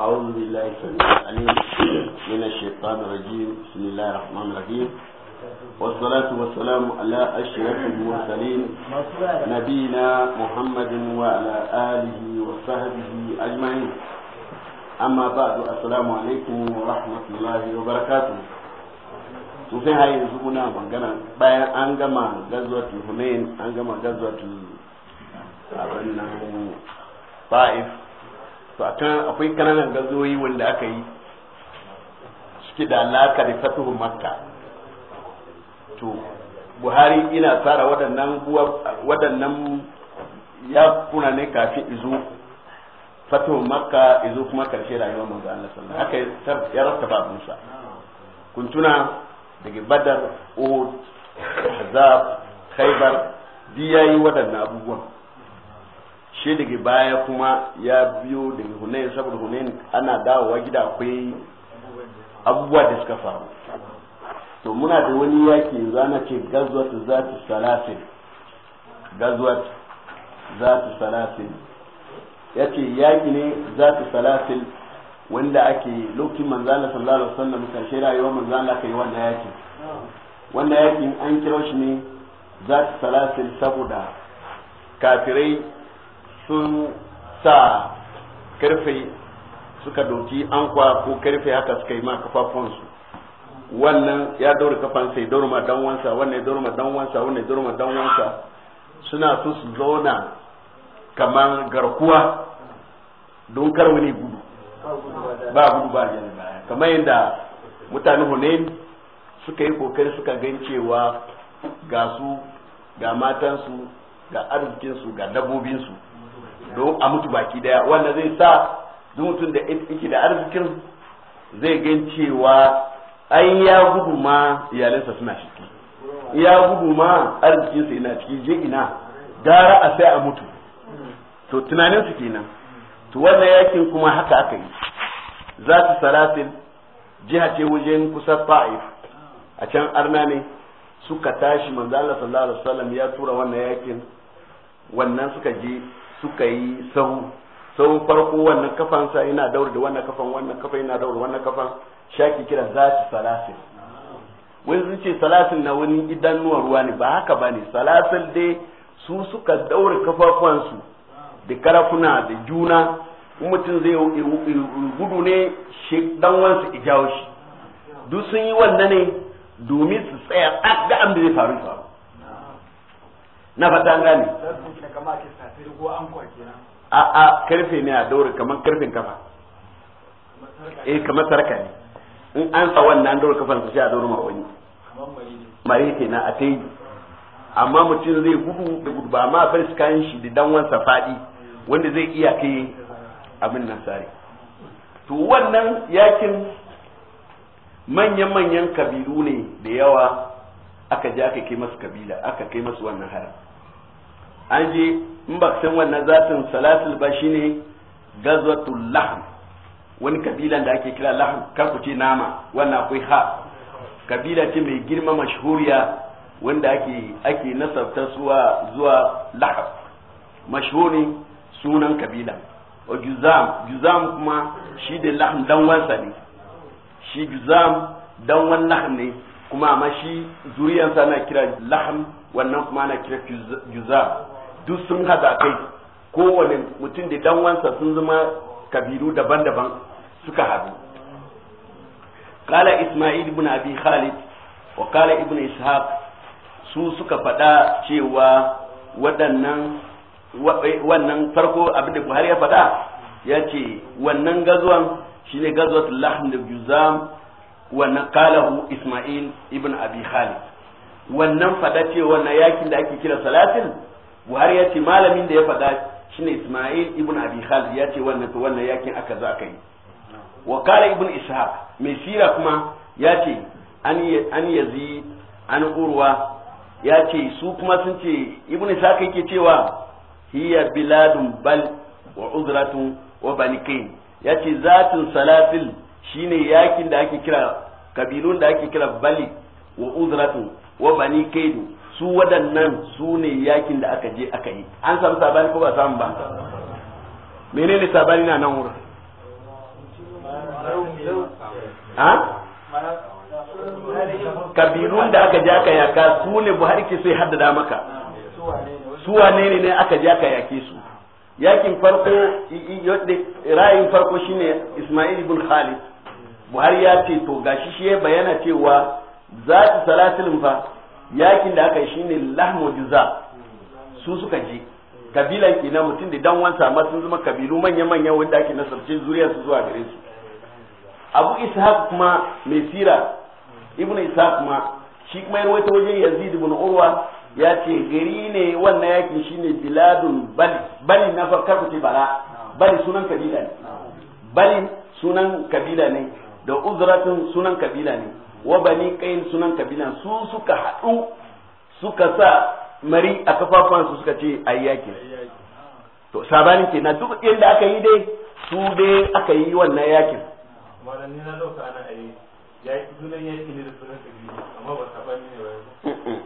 أعوذ بالله العليم من الشيطان الرجيم بسم الله الرحمن الرحيم والصلاة والسلام على أشرف المرسلين نبينا محمد وعلى آله وصحبه أجمعين أما بعد السلام عليكم ورحمة الله وبركاته sosai har yanzu muna magana bayan an gama gazwatu hunain an gama gazwatu abin nan ba'if to kan akwai kananan gazoyi wanda aka yi suke da alaka da fatuhu makka to buhari ina tsara waɗannan waɗannan ya kuna ne kafin izo fatuhu makka izo kuma karshe rayuwar manzo Allah sallallahu alaihi wasallam haka ya rattaba abunsa kun tuna daga badar uhud hazab khaybar diyayi waɗannan abubuwan shi daga baya kuma ya biyo daga hunayen saboda hunayen ana dawowa gida akwai abubuwa da suka faru to muna da wani yaki za na ce gazuwatu za ta salasin gazuwat za ta salasin ya ce yaki ne za ta salasin wanda ake lokacin manzana sallallahu alaihi wasallam karshe rayuwar manzana ka yi wannan yaki wannan yakin an kira shi ne za ta salasin saboda kafirai sun sa karfe suka doki kwa ko karfe haka suka yi ma kafafunsu wannan ya daura kafansa ya daura ma dan wansa wannan ya daura ma dan wansa wannan ya daura ma dan wansa suna su su zauna kamar garkuwa don kar ne gudu ba gudu ba ne kamar yadda mutane hunain suka yi kokari suka gan cewa ga su ga matansu ga arzikinsu ga dabobinsu don a mutu baki daya wanda zai sa duk mutum da yake da arzikin zai gan cewa ai ya gudu ma iyalinsa suna ciki ya gudu ma arzikinsa ina ciki je ina gara a sai a mutu to tunanin kenan to wannan yakin kuma haka aka yi za su salatin jiha ce wajen kusa fa'if a can arna ne suka tashi manzo Allah sallallahu alaihi wasallam ya tura wannan yakin wannan suka je suka yi sau sau farko wannan sa yana daure da wannan kafan wannan kafan yana daura wannan kafan shaki kira zati salasin wani sun ce salasin na wani idanuwar ruwa ne ba haka ba ne salasin dai su suka daure kafafuwansu da karafuna da juna mutum zai gudu ne shi dan wansu ijawo shi duk sun yi wannan ne domin su tsaya ga abin da zai faru faru na fata an gane a a karfe ne a daure kamar karfin kafa eh kamar sarka ne in an sa wannan daure kafan su sai a daure ma wani mare ke na a tayi amma mutum zai gudu da gudu ba ma bar su shi da danwansa fadi wanda zai iya kai abin nan sare to wannan yakin manya-manyan kabilu ne da yawa aka je aka kai masu kabila aka kai masu wannan haram an je in ba san wannan zatin salatul ba shine gazwatul lahm wani kabila da ake kira lahm kar ku ce nama wannan akwai ha kabila ce mai girma mashhuriya wanda ake ake nasabta zuwa zuwa lahm mashhuri sunan kabila wa juzam juzam kuma shi da lahm dan wansa ne shi juzam dan wannan ne kuma ma shi zuriyarsa na kira laham wannan kuma na kira juza duk sun haɗa kai kowane mutum da danwansa sun zama kabiru daban-daban suka haɗu kala isma'il ibn abi khalid wa kala ibn ishaq su suka faɗa cewa waɗannan eh, wannan farko abin da buhari ya faɗa ya ce wannan gazuwan shine gazuwar lahm da juzam wannan qalahu isma'il ibn abi khalid wannan fada ce wannan yakin da ake kira salatin buhari ya ce malamin da ya fada shine isma'il ibn abi khalid ya ce wannan wannan yakin aka za ka yi wa qala ibn ishaq mai sira kuma ya ce an yazi an urwa ya ce su kuma sun ce ibn ishaq yake cewa hiya biladun bal wa uzratun wa banikin ya ce zatin salatin. shine yakin da ake kira kabilun da ake kira bali wa uzratu wa bani kaidu su waɗannan su ne yakin da aka je aka yi an samu sabani ko ba samu ba menene sabani na nan wurin ha kabilun da aka je aka yaka su ne buhari ke sai haddada maka su wane ne ne aka je aka yake su yakin farko ra'ayin farko shine ismail ibn khalid buhari ya ce to gashi shi ya bayyana cewa za su salatul fa yakin da aka yi shine lahmu juza su suka je kabilan kenan mutum da dan wansa amma sun zama kabilu manya manya wanda ake nasarce zuriya su zuwa gare su abu ishaq kuma mai sira ibnu ishaq kuma shi kuma ya rawaita wajen yazid ibn urwa ya ce gari ne wannan yakin shine biladun bali bali na farkar ku ce bara bali sunan kabila ne bali sunan kabila ne da uzratun sunan kabila ne wa bani qain sunan kabila su suka haɗu suka sa mari a kafafan su suka ce ayyaki to sabanin ke na duk inda aka yi dai su dai aka yi wannan yakin malam yaki sunan yaki ne da sunan kabila amma ne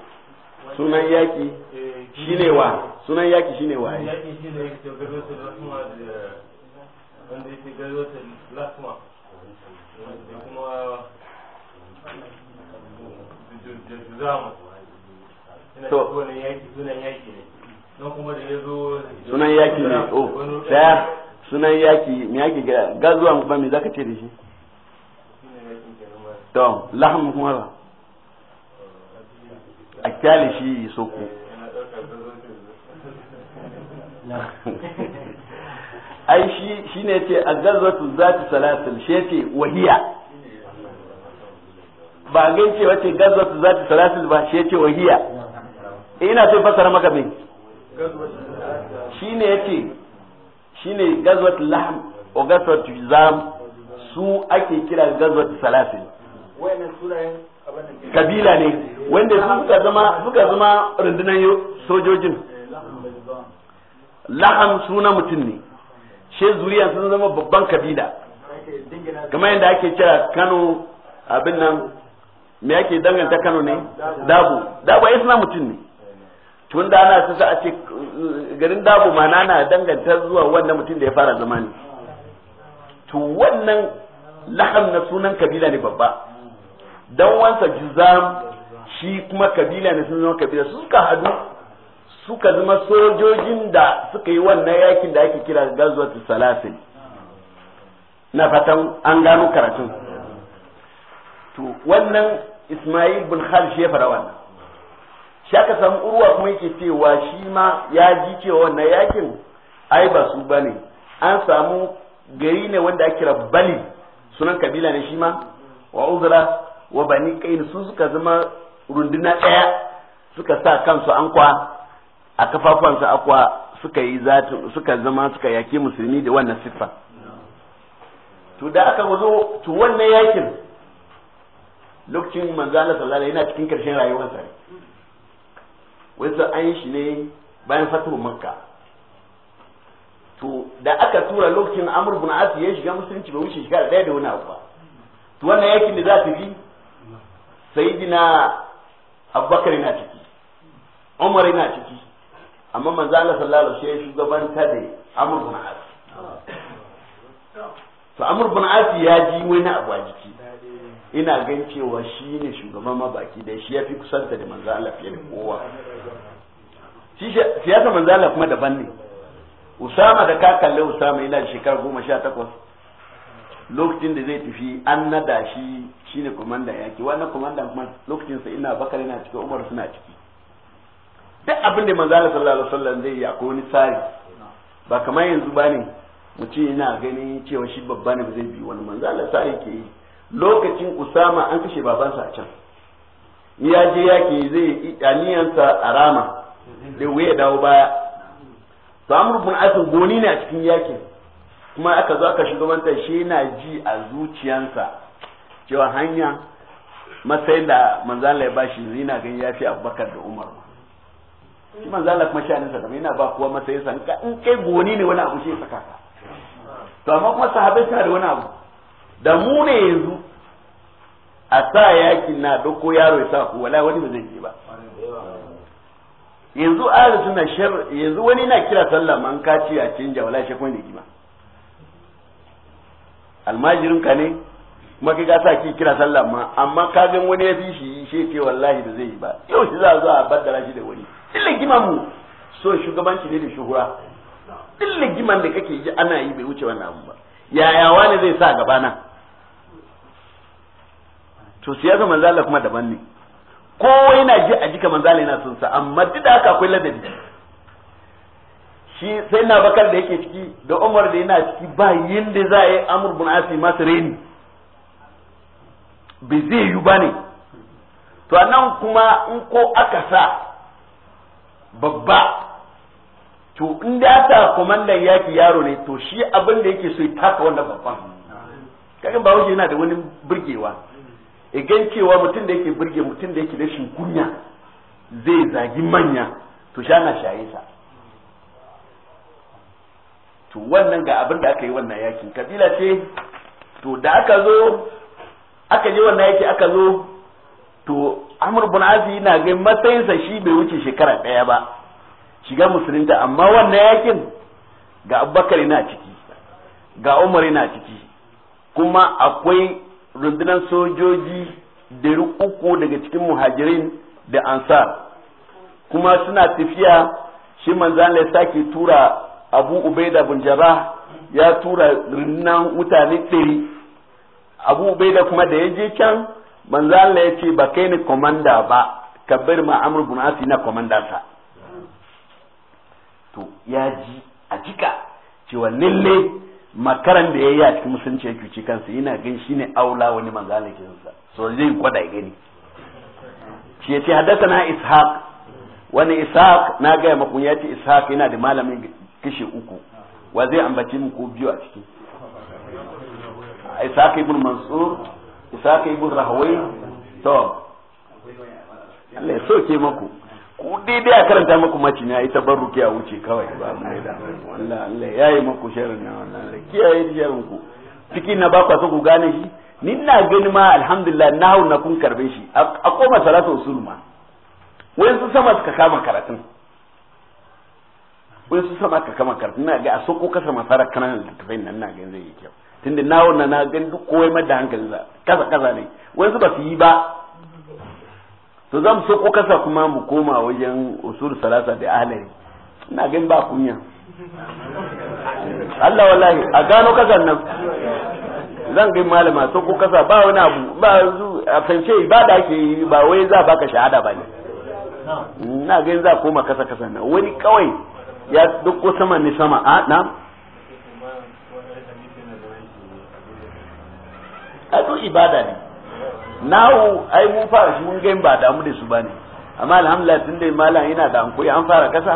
sunan eh, shine wa sunan yaki shine wa yaki shine yake gado su wanda yake gari su lasma sunan yaki ne o oh, daya sunan yaki me yaki ga gazuwa ba me zaka ce da shi to laham kuma ba a kyale shi soko ai shi shine ce a gazwatu zati salatul shi ce wahiya ba gan cewa ce za zati salasil ba shi ce wahiya ina so fasara maka me shine yace shine ta lahm o ta zam su ake kira gazwatu salasil wayannan kabila ne wanda suka zama suka zama rundunar sojojin laham suna mutum ne she zuriya sun zama babban kabila kamar yadda ake kira Kano abin nan me yake danganta Kano ne Dabo Dabo ai suna mutum ne tun da ana sasa a ce eh, garin Dabo ma na danganta zuwa wannan mutum da ya fara zama ne to wannan laham na sunan kabila ne babba dan wansa Juzam shi kuma kabila ne sun kabila suka hadu suka zama sojojin da suka yi wannan yakin da ake kira gazwatu salasin na fatan an gano karatun to wannan Ismail bin Khalid ya fara wannan shi aka samu urwa kuma yake cewa shi ma ya ji cewa wannan yakin ai ba su bane an samu gari ne wanda ake kira Bali sunan kabila ne shi ma wa uzra wa bani qain su suka zama runduna ɗaya suka sa kansu ankwa a kafafansu akwa suka yi zatu suka zama suka yaki musulmi da wannan siffa to da aka zo to wannan yakin lokacin manzo Allah sallallahu alaihi yana cikin karshen rayuwarsa ne wasu an shi ne bayan fatuhu makka to da aka tura lokacin amur bin as ya shiga musulunci ba wuce shekara daya da wani abu ba to wannan yakin da za ta bi sayyidina abubakar yana ciki umar yana ciki amma manzo Allah sallallahu alaihi wasallam shugabanta da amur bin as to amur bin as ya ji wani abu a jiki ina gan cewa shi ne shugaban mabaki da shi ya fi kusanta da manzo Allah fiye da kowa shi siyasa manzo Allah kuma daban ne Usama da ka kalle Usama yana shekara goma sha takwas lokacin da zai tafi an nada shi shine komandan yaki wannan komandan kuma lokacin sa ina bakar yana ciki Umar suna ciki duk abin da manzo Allah sallallahu alaihi wasallam zai yi akwai wani tsari ba kamar yanzu bane mutum yana ganin cewa shi babba ne zai bi wani manzo Allah sai yake yi lokacin usama an kashe babansa a can ya je ke zai aniyansa a rama da wuya dawo baya to rufin asin goni ne a cikin yakin kuma aka zo aka manta shi na ji a zuciyansa cewa hanya matsayin da manzala ya bashi zina gani ya fi abubakar da umar shi manzala kuma sha nisa kamar yana ba kuwa matsayin sa in kai goni ne wani abu shi saka to amma kuma sahabai suna da wani abu da mu ne yanzu a sa yakin na doko yaro ya sa ku wala wani ba zai je ba yanzu ahli suna shar yanzu wani na kira sallah man ka ce a canja wala shi kuma ki ba almajirin ka ne kuma kai ka sa ki kira sallah ma amma ka ga wani ya fi shi shi ke wallahi da zai yi ba yau shi za a zo a baddara shi da wani illa giman mu so shugabanci ne da shuhura illa giman da kake ji ana yi bai wuce wannan abu ba yaya wani zai sa gabana to siyasa Manzala kuma daban ne kowa yana ji a jika manzala yana son sa amma duk da haka akwai ladabi shi sai na bakar da yake ciki da Umar da yana ciki ba yinda za a yi amur bin Asi masu reni bai zai yi ba ne to nan kuma in ko aka sa babba to in da ta komandan yaki yaro ne to shi abin da yake so ya taka wannan babban kagan ba wuce yana da wani burgewa igan cewa mutum da yake burge mutum da yake rashin kunya zai zagi manya to sha na shaye sa to wannan ga abin da aka yi wannan yakin kabila ce to da aka zo aka je wannan yaki aka zo to amur bin azi na ga matsayinsa shi bai wuce shekara ɗaya ba shiga musulunta amma wannan yakin ga abubakar yana ciki ga umar yana ciki kuma akwai rundunar sojoji dari uku daga cikin muhajirin da ansar kuma suna tafiya shi manzan ya sake tura abu ubaida bin jara ya tura rundunar mutane ɗari abu ubaida kuma da ya je can manzan ya ce ba kai ni komanda ba kabir ma amur bin na komandansa to ya ji a jika cewa lalle makaran da ya yi a cikin musulunci ya cuci kansa yana gan shi ne aula wani manzalakinsa so zai gwada ya gani shi ya ce haddasa na ishaq wani ishaq na gaya maku ya ce ishaq yana da malamin kashe uku wa zai ambaci mu ko biyu a ciki ishaq ibn mansur ishaq ibn rahawai to Allah ya soke maku ku daidai a karanta muku maci ne a ban tabarruki a wuce kawai ba mu ne da Allah Allah ya yi muku sharri na wallahi kiyaye sharin ku ciki na ba ku so ku gane shi ni na gani ma alhamdulillah na hau na kun karbe shi a koma salatu usul ma wai su sama suka kama karatun wai su sama suka kama karatun na ga a ko kasa masara kananan littafai nan na gani zai yi kyau tunda na wannan na gani duk kowai ma da hankalin kasa kasa ne wai su ba su yi ba to zan so ko kasa kuma mu koma wajen usul salasa da ahlari ina gan ba kunya Allah wallahi a gano kasan nan zan ga malama so ko kasa ba wani abu ba a fance ibada ke yi ba wai za baka shahada ba ne ina gan za koma kasa kasan nan wani kawai ya ko sama ne sama a na a to ibada ne nawo ai mun fara shi mun ga ba damu da su bane amma alhamdulillah tun da malam yana da hankuri an fara kasa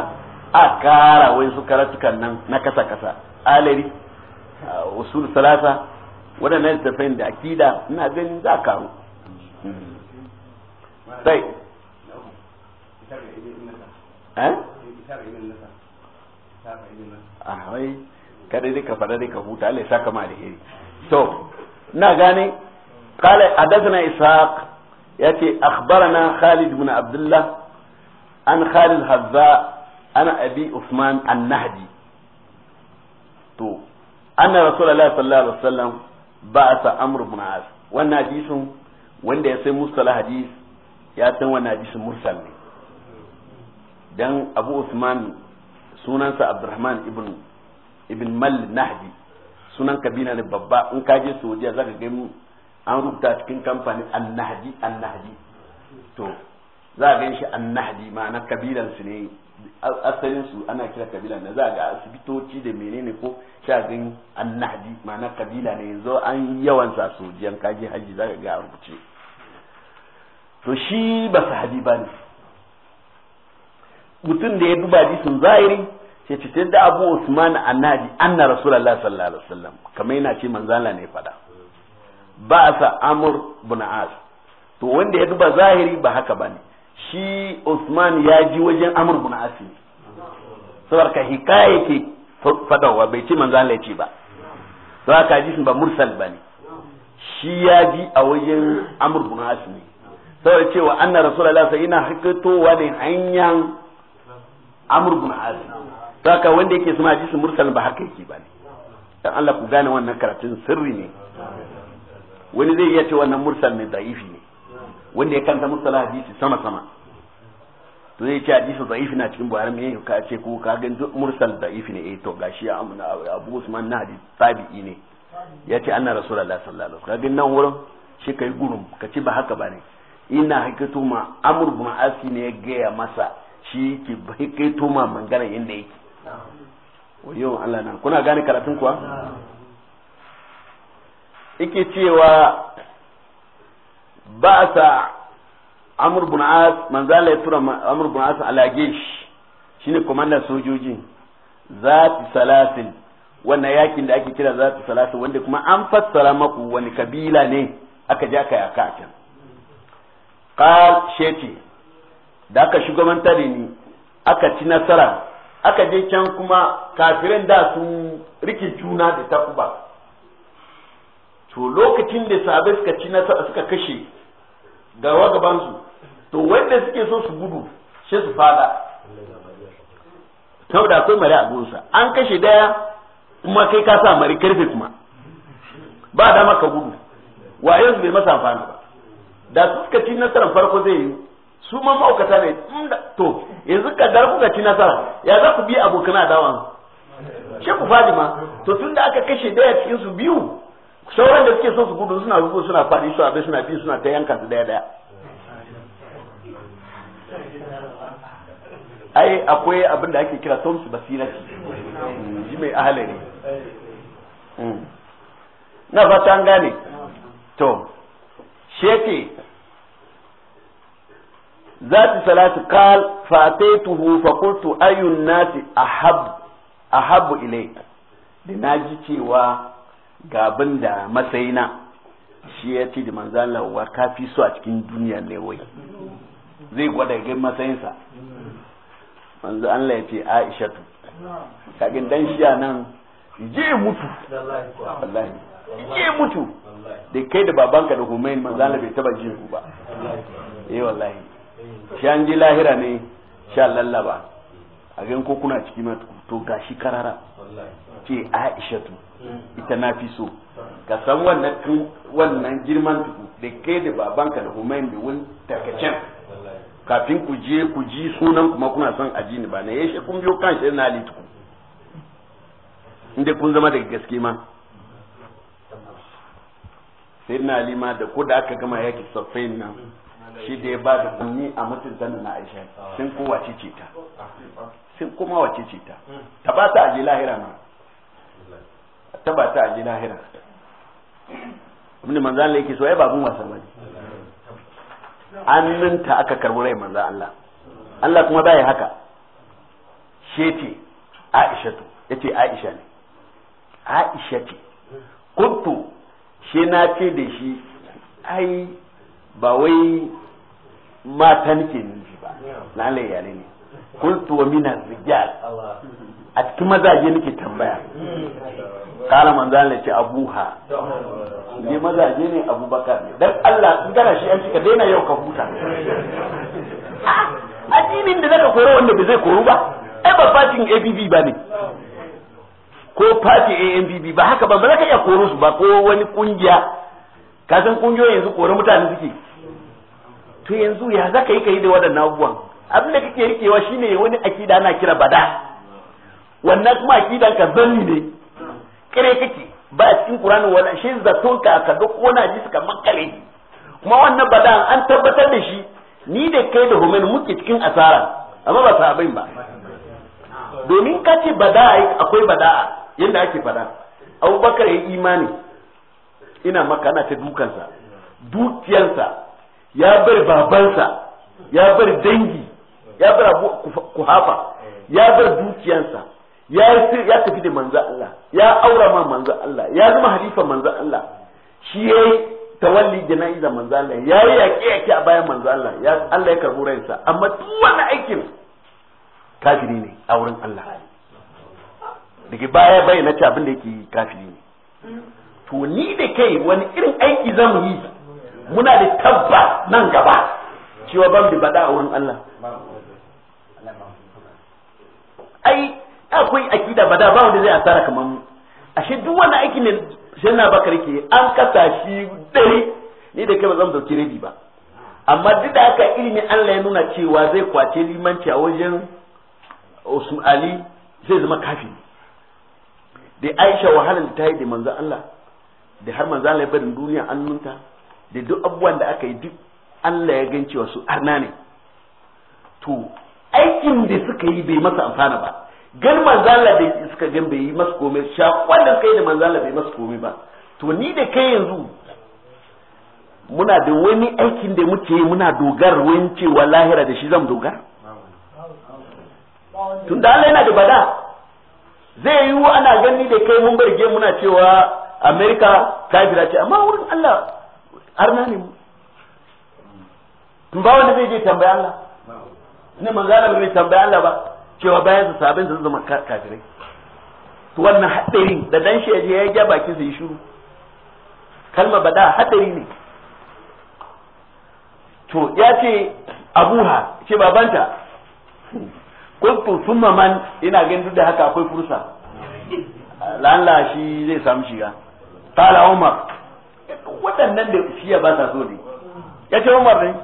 a kara wai su karatukan nan na kasa kasa alari uh, usul salasa waɗannan littafin da akida ina ganin za ka karu hmm. sai eh? a ah, wai kada dai ka faɗa dai ka huta Allah ya saka ma da iri to na gane قال حدثنا إسحاق يأتي أخبرنا خالد بن عبد الله عن خالد هذا أنا أبي عثمان النهدي تو أن رسول الله صلى الله عليه وسلم بعث أمر بن عاص وأن حديث وأن يسمى مصطلح حديث يأتي وأن حديث مرسل dan abu usman sunansa abdurrahman ibn ibn mal nahdi sunan kabila ne babba in ka je saudiya zaka ga an rubuta cikin kamfani annahdi annahdi to za a gan shi annahdi ma'ana kabilan su ne asalin su ana kira kabila ne za ga asibitoci da menene ko sha gan annahdi ma'ana kabila ne yanzu an yawan sa jiyan kaji haji za ga a rubuce to shi ba sahabi ba ne mutum da ya duba jisun zahiri ke ce da abu usman annadi anna rasulullah sallallahu alaihi wasallam kamar yana ce manzala ne fada ba sa amur bin as to wanda ya duba zahiri ba haka ba ne shi usman ya ji wajen amur bin as ne saboda hikaya ke wa bai ce manzan Allah ya ba to haka ji ba mursal ba ne shi ya ji a wajen amur bin as ne saboda cewa anna rasulullah sai yana hakatowa ne hanyar amur bin as saka wanda yake suna ji su mursal ba haka yake ba ne dan Allah ku gane wannan karatun sirri ne wani zai iya ce wannan mursal ne da'ifi ne wanda ya kanta mursala hadisi sama sama to zai ce hadisi da'ifi na cikin buhari me ka ce ko ka ga mursal da'ifi ne eh to gashi abu usman na hadisi tabi'i ne ya ce anna rasulullahi sallallahu alaihi wasallam nan wurin shi kai gurum ka ce ba haka ba ne ina haikato ma amur bin asi ne ya gaya masa shi ke haikato ma mangana inda yake wayo Allah na kuna gane karatun kuwa yake cewa ba sa amur bin as manzala ya tura amur bin as shi shine komandan sojoji zati salasin wannan yakin da ake kira zati salasin wanda kuma an fassara maku wani kabila ne aka ja ka yaka a can qal sheti da aka shugabanta da ni aka ci nasara aka je can kuma kafirin da sun rike juna da takuba to lokacin da sabai suka ci na suka kashe gawa gabansu to wanda suke so su gudu sai su fada saboda akwai mari a an kashe daya kuma kai ka sa mari karfe kuma ba dama ka gudu wa yanzu bai masa amfani ba da suka ci nasarar farko zai yi su ma ma'aukata ne to yanzu ka dar kuka ci nasara ya za ku bi abokan adawan shi ku fadi ma to tun da aka kashe daya cikin su biyu sauran da suke so su gudu suna gudu suna faɗi su abin suna bi suna ta yanka su daya daya ai akwai abin da ake kira Toms basirati ji mai ahalari hmm. na fata an gane to shete ذات صلاة قال فأتيته فقلت أي الناس A habu إليك da na ji cewa ga abin da matsayina shi ya ce da manzan lawa ka fi so a cikin duniyar wai zai gwada gan matsayinsa manzo Allah ya ce Aishatu kagin dan shi a nan je mutu wallahi je mutu da kai da babanka da Humain manzo Allah bai taba jin ku ba eh wallahi shi an ji lahira ne sha lallaba a gan ko kuna ciki ma to gashi karara wallahi ce aishatu ita na fi so ka san wannan girman tuku da ke da babanka da humain da wani tarkacen kafin ku je ku ji sunan kuma kuna son aji ni ba na shi kun biyo kan shi na ali tuku inda kun zama daga gaske ma sai na ali ma da ko da aka gama yaki safain nan shi da ya ba da kunni a mutunta na aisha sun kowace ce ta sun kuma wace ce ta ta ba ta aji lahira ma ba ta aje lahira abinda manzan Allah yake so ai babun wasa an annanta aka karbi rai manzan Allah Allah kuma bai haka shete Aisha to yace Aisha ne Aisha ce kuntu she na ce da shi ai ba wai mata nake ni ba na yare ne kuntu wa mina rijal a cikin mazaje nake tambaya kala manzan ne ce abuha ne mazaje ne abubakar ne dan Allah in gana shi an cika daina yau ka huta ah, addinin da zaka koyar wanda bai zai koru ba ai ba fatin ABB ba ne ko fati AMBB ba haka ba ba zaka iya koro su ba ko wani kungiya ka san kungiyoyin yanzu kore mutane suke to yanzu ya zaka yi kai da waɗannan abubuwan abin da kake rikewa shine wani akida na kira bada wannan kuma akidan ka zanni ne kire kake ba a cikin Qur'ani wannan shi zaton ka ka duk wani ji suka makale kuma wannan badan an tabbatar da shi ni da kai da homen muke cikin asara amma ba sahabbai ba domin ka ce bada'a akwai bada'a yadda ake fada Abubakar ya imani ina maka ana ta dukansa dukiyarsa ya bar babansa ya bar dangi ya bar kuhafa ya bar dukiyarsa ya ya tafi da manzo Allah ya aura ma manzo Allah ya zama halifa manzo Allah shi yayi tawalli jana'iza manzo Allah ya yi yaƙi yaƙi a bayan manzo Allah ya Allah ya karbo ransa amma duk aikin kafiri ne a wurin Allah daga baya na ta abin da yake kafiri ne to ni da kai wani irin aiki zan yi muna da tabba nan gaba cewa ban da bada a wurin Allah ai akwai akida bada ba wanda zai asara kamar mu ashe duk wani aikin da janna bakar ke an kasa shi dare ni da kai ba zan dauki rabi ba amma duk da haka ilimin Allah ya nuna cewa zai kwace limanci a wajen Usman Ali zai zama kafin da Aisha wahalar da ta yi da manzo Allah da har manzo Allah ya barin duniya annunta da duk abubuwan da aka yi duk Allah ya gan cewa su arna ne to aikin da suka yi bai masa amfana ba gan manzala da iska gan bai yi masu komai shakwan da suka yi da manzala bai masu komai ba to ni da kai yanzu muna da wani aikin da muke yi muna dogar wani cewa lahira da shi zan dogar tun da Allah yana da bada zai yi ana gani da kai mun barge muna cewa Amerika kafira ce amma wurin Allah arna ne mu tun ba wani zai je tambaya Allah ne manzo bai tambaya Allah ba cewa bayan su sabin su zama kafirai to wannan hadari da dan shi ya ya ga bakin sa yi shiru kalma bada hadari ne to ya ce abuha ce babanta kuntu summa man ina ganin duk da haka akwai fursa lalla shi zai samu shiga kala umar waɗannan da ya ba sa so ne ya ce umar ne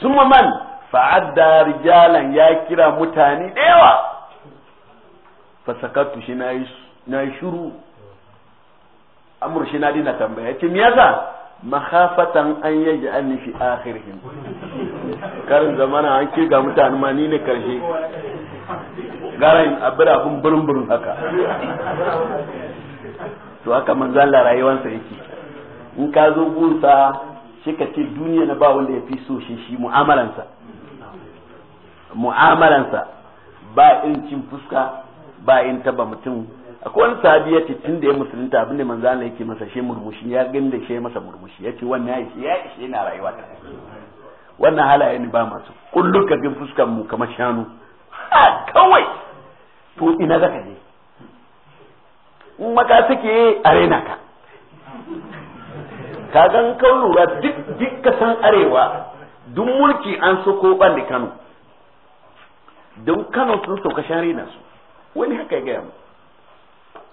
summa man fa'adda rijalan ya kira mutane dayawa. yawa fasakatu shi na yi shuru amur shi na dina tambaya ce me yasa mahafatan an yaji an fi akhirihim karin zamana an ga mutane ma ni ne karshe garan abin abin burin haka to haka manzala rayuwarsa yake in ka zo gunsa shi ka ce duniya na ba wanda ya fi so shi shi mu'amalansa mu'amalansa ba irin cin fuska ba in taba mutum akwai wani sahabi ya ce tun da ya musulunta abin da manzo Allah yake masa shi murmushi ya gani shi masa murmushi ya ce wannan ya ishe ya ishe na rayuwa ta wannan halaye ne ba masu kullum ka bin fuskan mu kamar shanu ha kawai to ina zaka je in maka suke arena ka kagan kan lura duk kasan arewa duk mulki an so ko ban Kano don kano sun sauka share na su wani haka ya gaya mu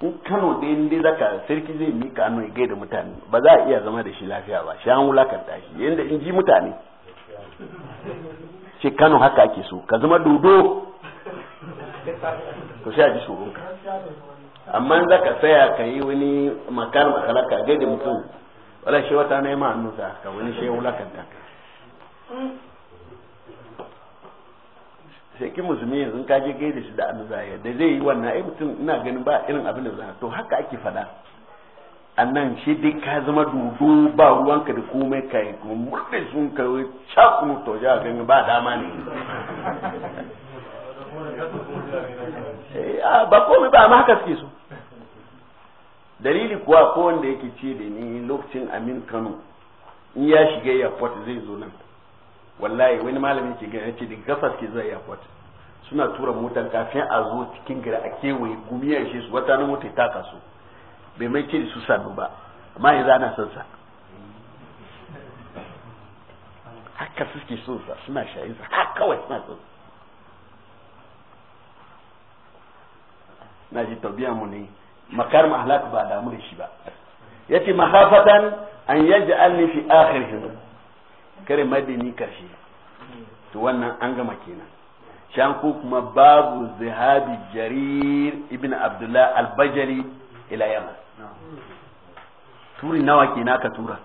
in kano da yin zaka sarki zai mika hannu ya gaida mutane ba za a iya zama da shi lafiya ba shi an kan tashi yadda in ji mutane shi kano haka ake so ka zama dodo to sai a ji ka amma in zaka tsaya ka yi wani makar makara ka gaida mutum wala shi wata na yi ma hannu ka wani shi ya kan ka sheki musulmi yanzu ka je gaida shi da annuzaya da zai yi wannan ai mutum ina ganin ba irin abin da zan to haka ake fada annan shi duk ka zama dudu ba ruwanka da komai ka kuma murde sun ka yi to ja ganin ba dama ne eh, ba komai ba amma haka suke so dalili kuwa ko wanda yake ce da ni lokacin amin kano in ya shiga airport zai zo nan wallahi wani malami ke gani ce daga gafas ke zai airport suna tura motar kafin a zo cikin gari a kewaye gumiya shi su wata mota ta kasu bai mai ce su sannu ba amma yanzu ana son sa haka suke son sa suna shayin sa haka kawai suna son sa na ji tabiya mu ne makar mahalaka ba damu da shi ba yace mahafatan an yaj'alni fi akhirihim kare madani karshe to wannan an gama kenan shan ko kuma babu zihabi jarir ibn abdullah al-bajali ila yaman turi nawa kenan ka tura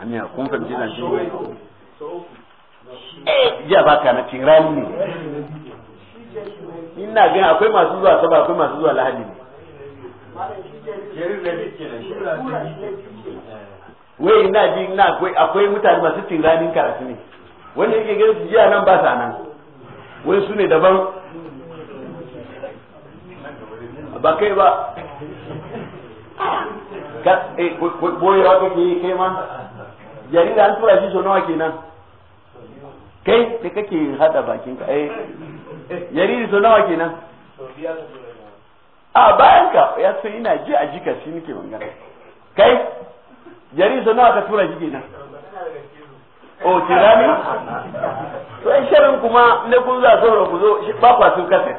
hanya kun fahimci nan shi eh jiya baka na tirani ne ina ga akwai masu zuwa saba akwai masu zuwa lahadi ne wai ina ji ina akwai akwai mutane masu tiranin karatu ne wanda yake ganin su jiya nan ba sa nan wai su ne daban ba kai ba ka eh boyewa kake yi kai ma jarida an tura shi so nawa kenan kai da kake hada bakin ka eh jarida so nawa kenan a bayan ka ya san ina ji a jika shi nake magana kai jari sa ka tura shi kenan o tirani to ai sharin kuma ne kun za so ku zo ba kwa su kaset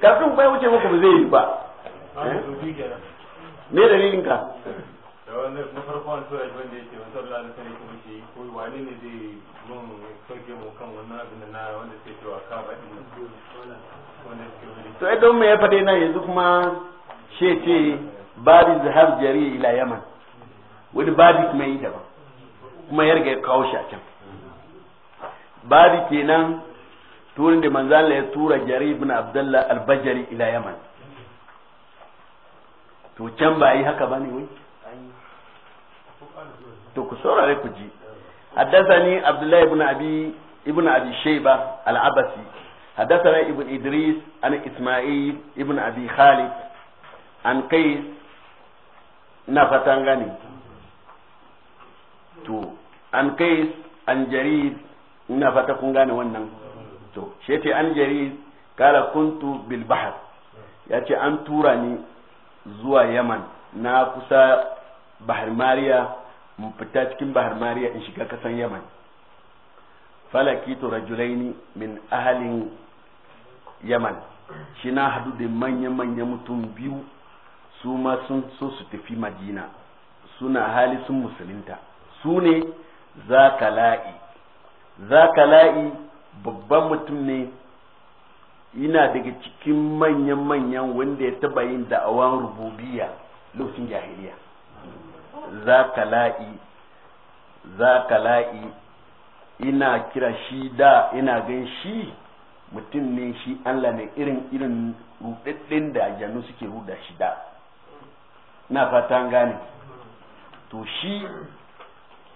kafin bai wuce muku ba zai yi ba eh? me dalilin ka na farkon tura shi wanda yake wani sallallahu alaihi wasallam kuma shi ko wani ne zai mun sauke mu kan wannan abin da na wanda sai cewa ka ba din wanda suke to ai don me ya fade nan yanzu kuma she ce babin zahar jari ila yaman wani babi kuma yi daban kuma ya riga ya kawo shi a can babi kenan turin da manzala ya tura jari ibn abdullah albajari ila yaman to can ba yi haka ba ne wai to ku saurare ku ji حدثني عبد ibn abi ابي ابن ابي شيبه العبسي حدثنا ابن ادريس عن اسماعيل ابن ابي خالد عن قيس نفتنغني to an kai an jarid ina fata kun gane wannan to shi ce an jarid kala kuntu bil bahar ya ce an tura ni zuwa yaman na kusa bahar mariya mu fita cikin bahar mariya in shiga kasan yaman falakitu rajulaini min ahalin yaman shi na hadu da manya-manya mutum biyu su ma sun so su tafi madina suna hali sun musulunta su ne zakala'i zakala'i babban mutum ne yana daga cikin manyan-manyan wanda ya taba yin da'awan rububiya lokacin jahiliya zakala'i zakala'i ina kira shi da ina gan shi mutum ne shi Allah ne irin irin rudaddin da janu suke ruda shi da na fata gane to shi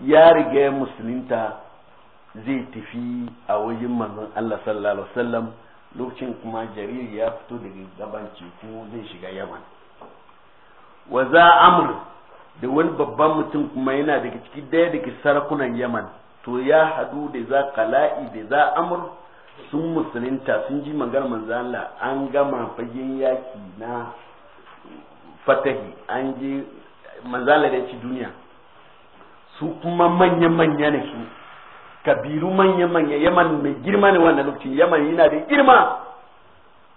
ya riga musulunta zai tafi a wajen manzon Allah sallallahu alaihi wasallam lokacin kuma jarir ya fito daga gaban teku zai shiga yaman wa za amur da wani babban mutum kuma yana daga ciki daya daga sarakunan yaman to ya hadu da za kala'i da za amur sun musulunta sun ji maganar manzon Allah an gama fagen yaki na fatahi an je manzala da ci duniya su kuma manya-manya ne su kabiru manya-manya yaman mai girma ne wannan lokacin yaman yana da girma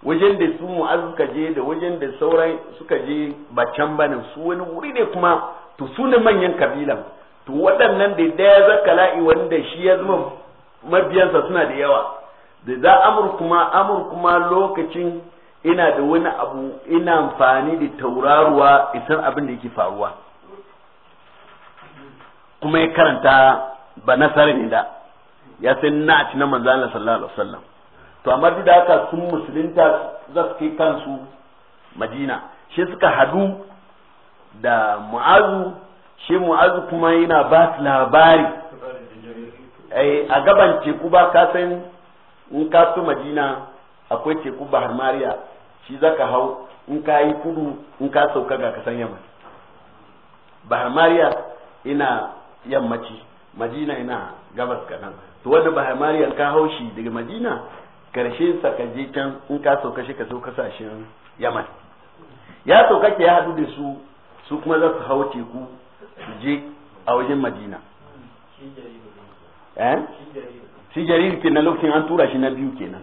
wajen da su mu'azu suka je da wajen da sauran suka je ba can ba su wani wuri ne kuma to su ne manyan kabilan to waɗannan da daya zakala'i wanda shi ya zama mabiyansa suna da yawa da za amur kuma amur kuma lokacin ina da wani abu ina amfani da tauraruwa isan abin da yake faruwa kuma ya karanta ba nasarar ne da ya sai na'at na manzan Allah sallallahu alaihi wasallam to amma duk da haka sun musulunta za su kai kansu Madina shi suka hadu da Mu'azu shi Mu'azu kuma yana ba su labari eh, a gaban teku ba ka san in ka su Madina akwai teku Bahar Mariya shi zaka hau in ka yi kudu in ka sauka ga kasan yamma Bahar Mariya ina yammaci madina ina gabas nan to wanda ba mariyan ka haushi daga madina karshe sa ka je can in ka so shi ka so kasashen yaman ya sauka ke ya hadu da su su kuma za su hau teku su je a wajen madina eh shi jariri na lokacin an tura shi na biyu kenan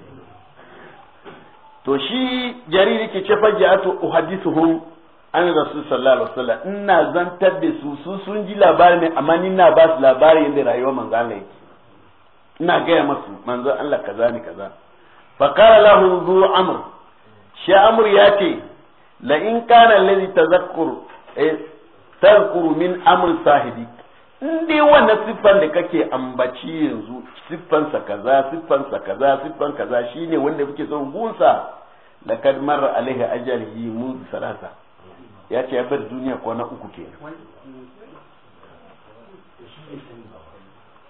to shi jariri ke ce fajjatu uhadithuhum an rasu sallallahu alaihi wasallam ina zantar da su su sun ji labarin ne amma ni na ba su labari yadda rayuwar manzo Allah yake ina gaya masu manzo Allah kaza ne kaza fa qala lahu zu amr shi amr ya ce la in kana allazi tazakkur eh, tazkuru min amr sahibi in dai wannan siffan da kake ambaci yanzu siffansa kaza siffansa kaza siffan kaza shine wanda kuke son gunsa lakad marra alaihi ajalihi mun salasa ya ce ya bar duniya kwana uku ke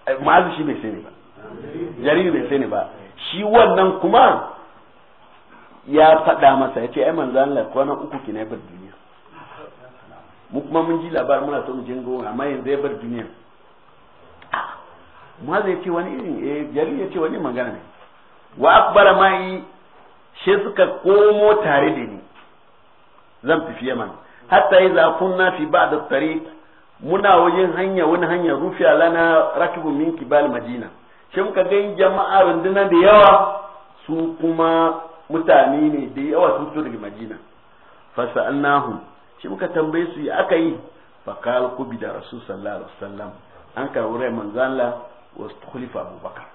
eh, ma'azu shi bai sani ba jariri bai sani ba shi wannan kuma ya faɗa masa ya ce ai manzo Allah kwana uku ke na bar duniya mu kuma mun ji labarin muna so mu je gona amma yanzu ya bar duniya ah, ma'azu ya ce wani irin eh jariri ya ce wani magana ne wa akbara mai shi suka komo tare da ni zan tafi yaman hatta zafin kunna fi ba'd at-tariq muna wajen hanya wani hanya rufiya lana rakibu min kibal madina shi muka ga jama'a runduna da yawa su kuma mutane ne da yawa sun fito daga madina sa'annahu shi muka tambaye su ya aka yi fakal kubi da rasul sallallahu alaihi wasallam an karɓi rai manzala wasu khulifa abubakar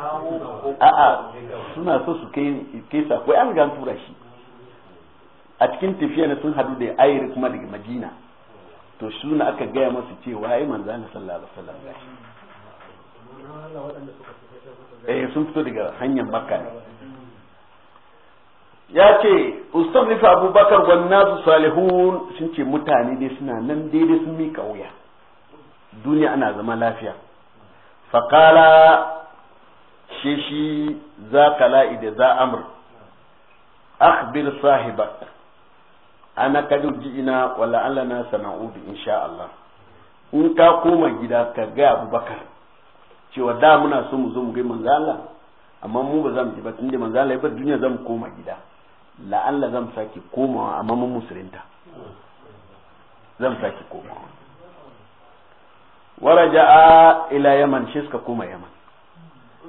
a'a suna so su kai kai ko an ga tura shi a cikin tafiya ne sun hadu da ayir kuma daga madina to suna aka gaya masu cewa ai manzo Allah sallallahu alaihi wasallam eh sun fito daga hanyar makka ne ya ce fa abubakar wan nasu salihun sun ce mutane dai suna nan daidai sun mika wuya duniya ana zama lafiya faƙala shi shi za la'i da za amur akhbir sahiba ana kadu ji'ina wala Allah na sana'udu insha Allah in ka koma gida ka ga Abubakar cewa da muna so mu zo mu ga manzo Allah amma mu ba za mu ji ba tunda manzo Allah ya bar duniya za mu koma gida la Allah zan sake komawa amma mun musulunta zan sake komawa waraja'a ila yaman shi suka koma yaman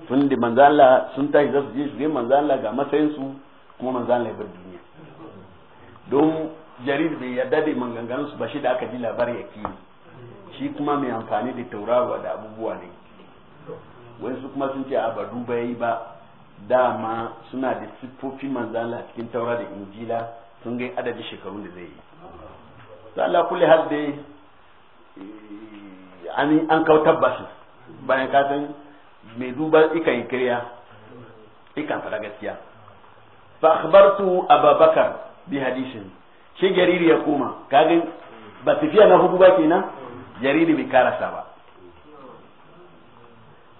tun da manzo Allah sun tashi za su je su ga manzo Allah ga matsayin su kuma manzo Allah ya bar duniya don jarir bai yarda da maganganun su ba shi da aka ji labarin yakini shi kuma mai amfani da taurawa da abubuwa ne su kuma sun ce a ba duba yayi ba dama suna da siffofi manzala cikin taura da injila sun ga adadin shekarun da zai yi ta Allah kulli hal dai eh, an an kawo tabbasin bayan ka san mai duba ikan yi kiriya ikan fara gaskiya fa akhbartu ababakar bi hadisin shi jariri ya koma kagin ba tafiya na hudu ba kenan jariri bai karasa ba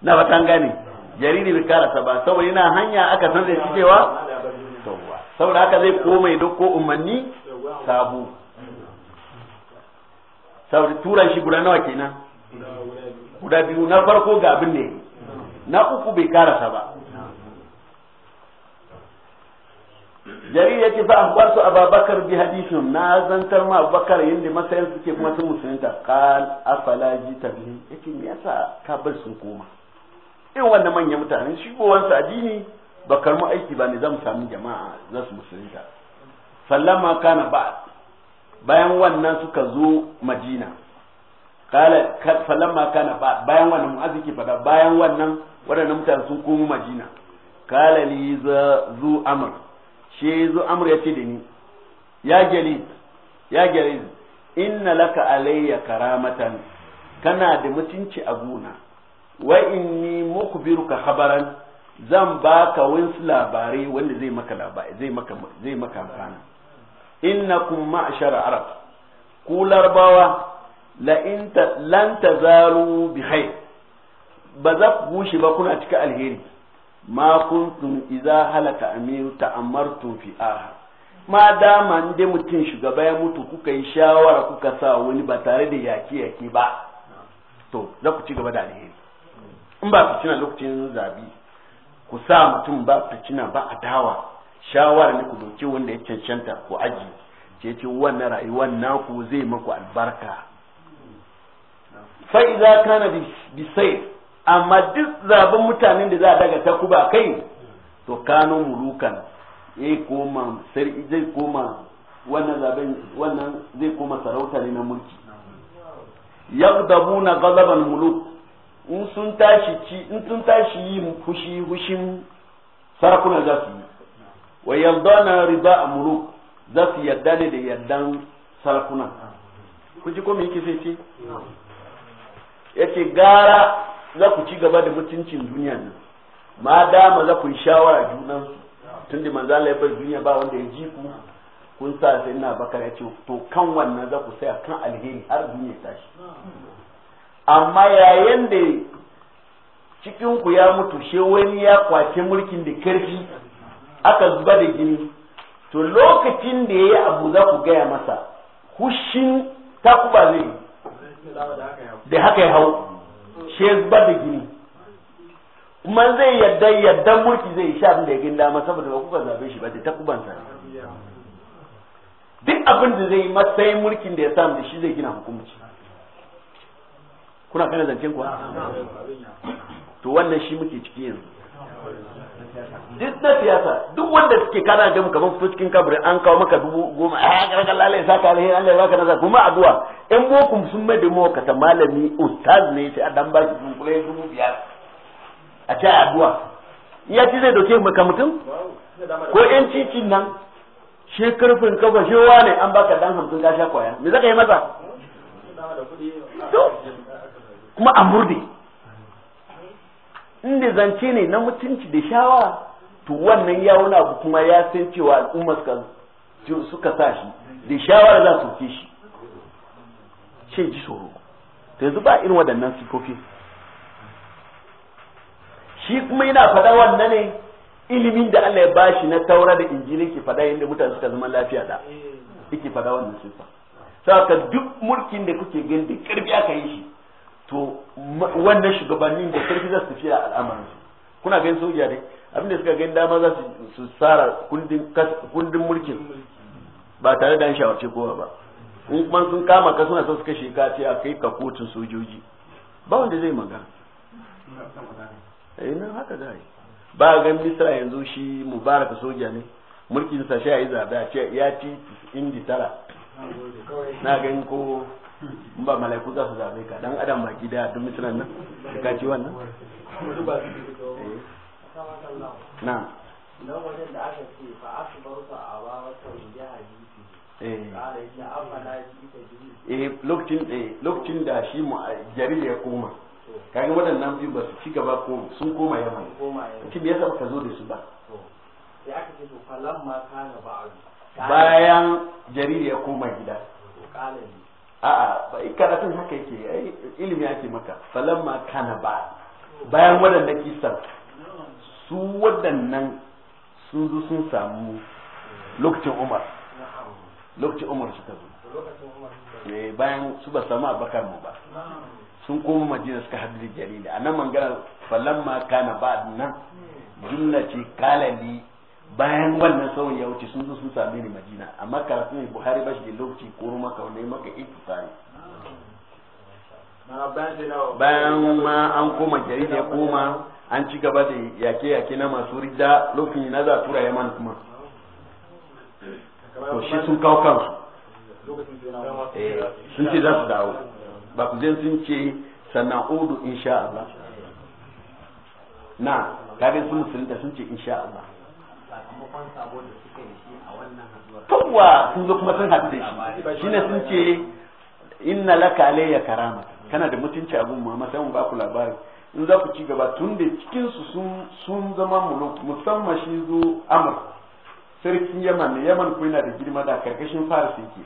na ba tan gane jariri bai karasa ba saboda yana hanya aka san da shi cewa saboda haka zai komai ko umarni sabu saboda turan shi guda nawa kenan guda biyu na farko ga abin ne na uku bai karasa ba jarir yake fa akhbar su ababakar bi hadithun na zantar ma abubakar yanda masayan suke kuma sun musulunta qal afala jita bihi yace me yasa ka bar sun koma in wannan manyan mutanen shigowar su addini ba karmu aiki ba ne zamu samu jama'a za su musulunta sallama kana ba bayan wannan suka zo madina qala falamma kana ba bayan wannan mu'azzi ke fada bayan wannan waɗannan mutane sun komo madina kala li za zu amr she zu amr ya ce da ni ya gali ya gali inna laka alayya karamatan kana da mutunci a gona wa inni mukbiruka khabaran zan baka wani labarai wanda zai maka labarai zai maka zai maka amfana innakum ma'shar arab ku larbawa la in lan tazalu bi khair ba za ku bushe ba kuna cika alheri ma kuntum idza halaka amiru ta'ammartum fi aha ma dama inda mutum shugaba ya mutu kuka yi shawara kuka sa wani ba tare da yaki yaki ba to za ku ci gaba da alheri in ba cina lokacin zabi ku sa mutum ba cina ba a dawa shawara ne ku doke wanda ya cancanta ku aji ce ce wannan rayuwar naku zai maku albarka fa idza kana sayf amma duk zaben mutanen da za a daga takuba kai to kano mulukan eh koma sarki zai koma wannan zaben wannan zai koma sarauta ne na mulki yaghdabuna ghadaban muluk in sun tashi ci in sun tashi yi fushi hushin sarakuna za su yi wa yardana rida muluk za su yadda ne da yardan sarakuna ku ji ko me yake sai ce yace gara za ku ci gaba da mutuncin duniya nan ma dama za ku yi shawara junan tun da manzo Allah duniya ba wanda ya ji ku kun sa sai na bakar ya ce to kan wannan za ku saya kan alheri har duniya shi amma yayin da cikin ku ya mutu she wani ya kwace mulkin da karfi aka zuba da gini to lokacin da yayi abu za ku gaya masa hushin ba zai da haka ya hau shi ba da gini kuma zai yadda yadda mulki zai sha abin da ya ginda masa saboda ba kuka zabe shi ba da takubansa duk abin da zai matsayin mulkin da ya samu da shi zai gina hukumci kuna kana zancen kuwa to wannan shi muke ciki yanzu duk na siyasa duk wanda suke kana ga mu kaman fito cikin kabri an kawo maka dubu goma a ah, karkar lalai sa ka alheri Allah ya baka nazar kuma addu'a in boko sun mai da mawaka ta malami ustaz ne sai a dan baki dunkule dubu biyar a ce addu'a ya ci zai doke maka mutum ko yan cicin nan she karfin kafa she wane an baka dan hamsin ka sha kwaya me zaka yi masa kuma a murde inda zance ne na mutunci da shawara to wannan ya wani abu kuma ya san cewa al'umma suka suka sa shi da shawara za su ke shi ce ji tsoro ta yanzu ba irin waɗannan sifofi shi kuma yana faɗa wannan ne ilimin da Allah ya bashi na taura da injili ke faɗa yadda mutane suka zama lafiya da yake faɗa wannan sifa saboda duk mulkin da kuke gani da karfi aka yi shi to wannan shugabannin da karfi za su fiye al'amarin su kuna ganin soja dai abinda suka gani dama za su tsara kundin mulkin ba tare da an shawarce kowa ba in kuma sun kama ka suna son su kashe ka ce a kai ka kotun sojoji ba wanda zai magana eh nan haka dai ba ga misra yanzu shi mubaraka soja ne mulkin sa ya yi zabe a ce ya ci 99 na ganin ko in ba malaiku za su zabe ka dan adam baki gida, duk misalan nan ka ci wannan na eh. na wajen da aka ce fa asbarta a ba wata jihadi eh. eh lokacin eh, lokacin da shi jarir ya koma kaga waɗannan biyu ba su ci gaba ko sun koma yaman ki me yasa baka zo da su ba sai aka ce to falan ma kana ba bayan jariri ya koma gida kalin a'a bai eh, karatun haka yake eh, ilimi ake maka falamma kana ba bayan waɗannan kisan su waɗannan sun zo sun samu lokacin umar lokacin umar suka zo eh, bayan su ba samu abakar mu ba sun koma madina suka haɗu da jarida a nan mangana falamma kana ba nan jumla ce kalali bayan wannan sauyin ya wuce sun zo sun sami ni madina amma karatu ne buhari ba shi da lokaci ko kawai ne maka ikifari bayan ma an koma jarida ya koma an ci gaba da yake-yake na masu rida lokacin na za tura yaman kuma to shi sun kawo kansu eh, sun ce za su dawo ba ku sun ce sana'udu insha Allah na kare sun musulunta sun ce insha Allah sakamakon sabo da suka yi shi a wannan kuma sun haɗu da shi sun ce alayya karama kana da mutunci abun ma sai mun ba ku labari in za ku ci gaba tun da cikin su sun sun zama muluk musamman shi zo amur sarkin yaman ne yaman ku yana da girma da karkashin faris yake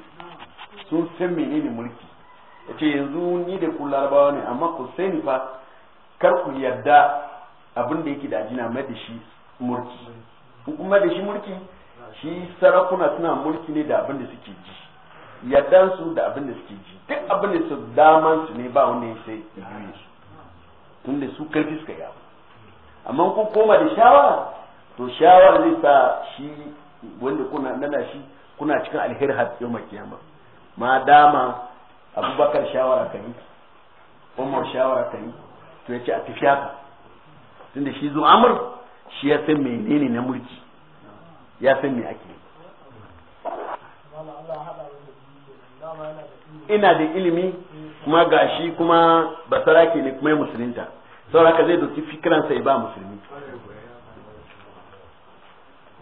sun san menene mulki yace yanzu ni da ku larabawa ne amma ku sani fa kar ku yarda abin da yake da ajina mai da shi mulki kuma da shi mulki shi sarakuna suna mulki ne da abin da suke ji yardan su da abin da suke ji duk abin da su daman su ne ba wanda ya sai juye su da su karfi suka yawo amma ko koma da shawara to shawara zai sa shi wanda kuna nana shi kuna cikin alheri har yau makiyama ma dama abubakar shawara ka yi umar shawara ka yi to ya ce a ka tun da shi zo amur shi ya san menene na mulki ya san me ake ina da ilimi kuma gashi kuma basarake ne kuma musulunta sauraka zai doki fikiransa ya ba musulmi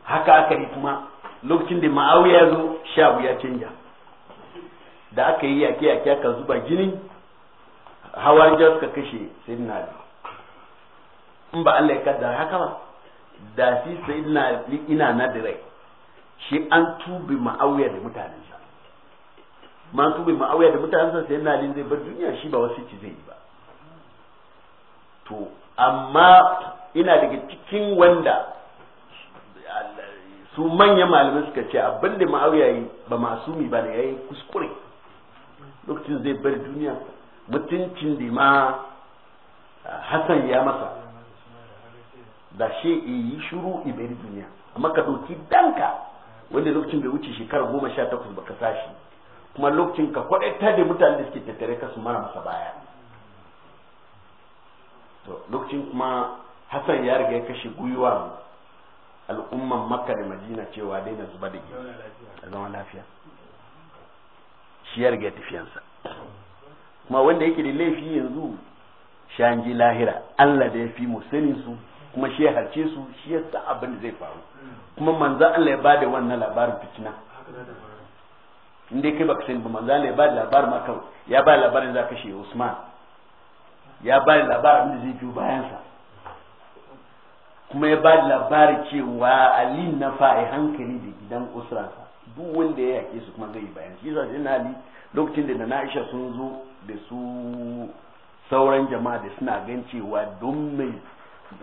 haka aka yi kuma lokacin da ma'awiya ya zo shabu ya canja da aka yi yake yake aka zuba jini hawar suka kashe sai na in ba Allah ya kaddara haka ba da shi sai ina ina na dire shi an tubi ma'awiya da sa ma tubi ma'awiya da sa sai ina lin zai bar duniya shi ba wasu ci zai yi ba to amma ina daga cikin wanda su manyan malamai suka ce abin da ma'awiya yi ba masumi ba ne yayi kuskure lokacin zai bar duniya mutuncin da ma hasan ya masa da she yi shuru ibari duniya amma ka dauki danka wanda lokacin bai wuce shekara goma sha takwas ba ka sashi kuma lokacin ka kwadaita da mutane da suke tattare ka su mara masa baya to lokacin kuma hassan ya riga ya kashe gwiwa al'umman makka da madina cewa daina zuba da ke a zama lafiya shi ya riga tafiyansa kuma wanda yake da laifi yanzu shanji lahira allah da ya fi mu sanin su kuma shi ya harce su shi ya sa abin da zai faru kuma manzo Allah ya bada wannan labarin fitina inda kai baka sani ba manzo Allah ya bada labarin ma ya ba labarin za ka shi Usman ya ba labarin da zai biyo bayan sa kuma ya ba labarin cewa Ali na fa'i hankali da gidan sa duk wanda ya yake su kuma zai bayan shi yasa na Ali lokacin da na Aisha sun zo da su sauran jama'a da suna gan cewa don mai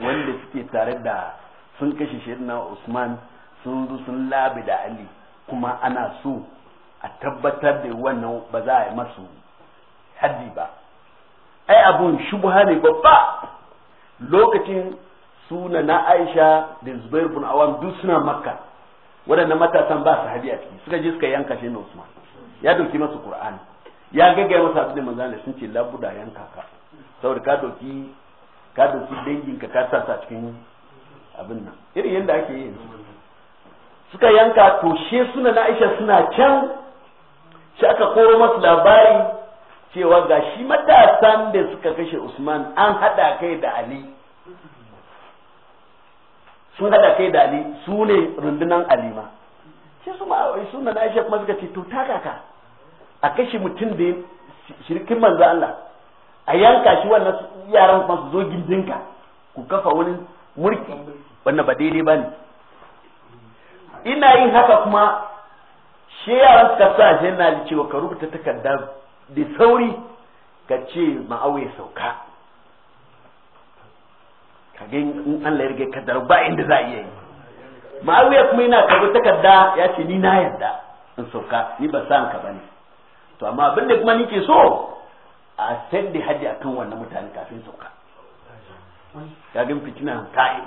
wanda suke tare da sun kashe shaidina usman sun zo sun labe da ali kuma ana so a tabbatar da wannan ba za a yi masu haddi ba ai abun shubha ne babba lokacin suna na aisha da zubair bin awam duk suna makka waɗanda matasan ba su hadiya ciki suka je suka yanka shi na usman ya doki masu qur'ani ya gaggaya masa abin da manzo sun ce labuda yanka ka saboda ka doki. ka dauki dangin ka ka sa cikin abin nan irin yadda ake yi suka yanka to she suna na Aisha suna can shi aka koro masu labari cewa ga shi matasan da suka kashe Usman an hada kai da Ali sun hada kai da Ali su ne rundunan Ali ma su ma suna na Aisha kuma suka ce to ta kaka a kashe mutum da shirkin manzo Allah a yanka shi wannan yaran kuma su zo gindinka ku kafa wani mulki wannan ba daidai ba ne ina yin haka kuma shi yaran suka sa shi na cewa ka rubuta takarda da sauri ka ce ma'awai sauka ka ga in Allah ya rige kaddara ba inda za a iya yi ma'auye kuma yana karbi takarda ya ce ni na yarda in sauka ni ba sa ka bane to amma abin da kuma nike so a sayar da hajji akan wannan mutane kafin sauka kagin fitina ta'i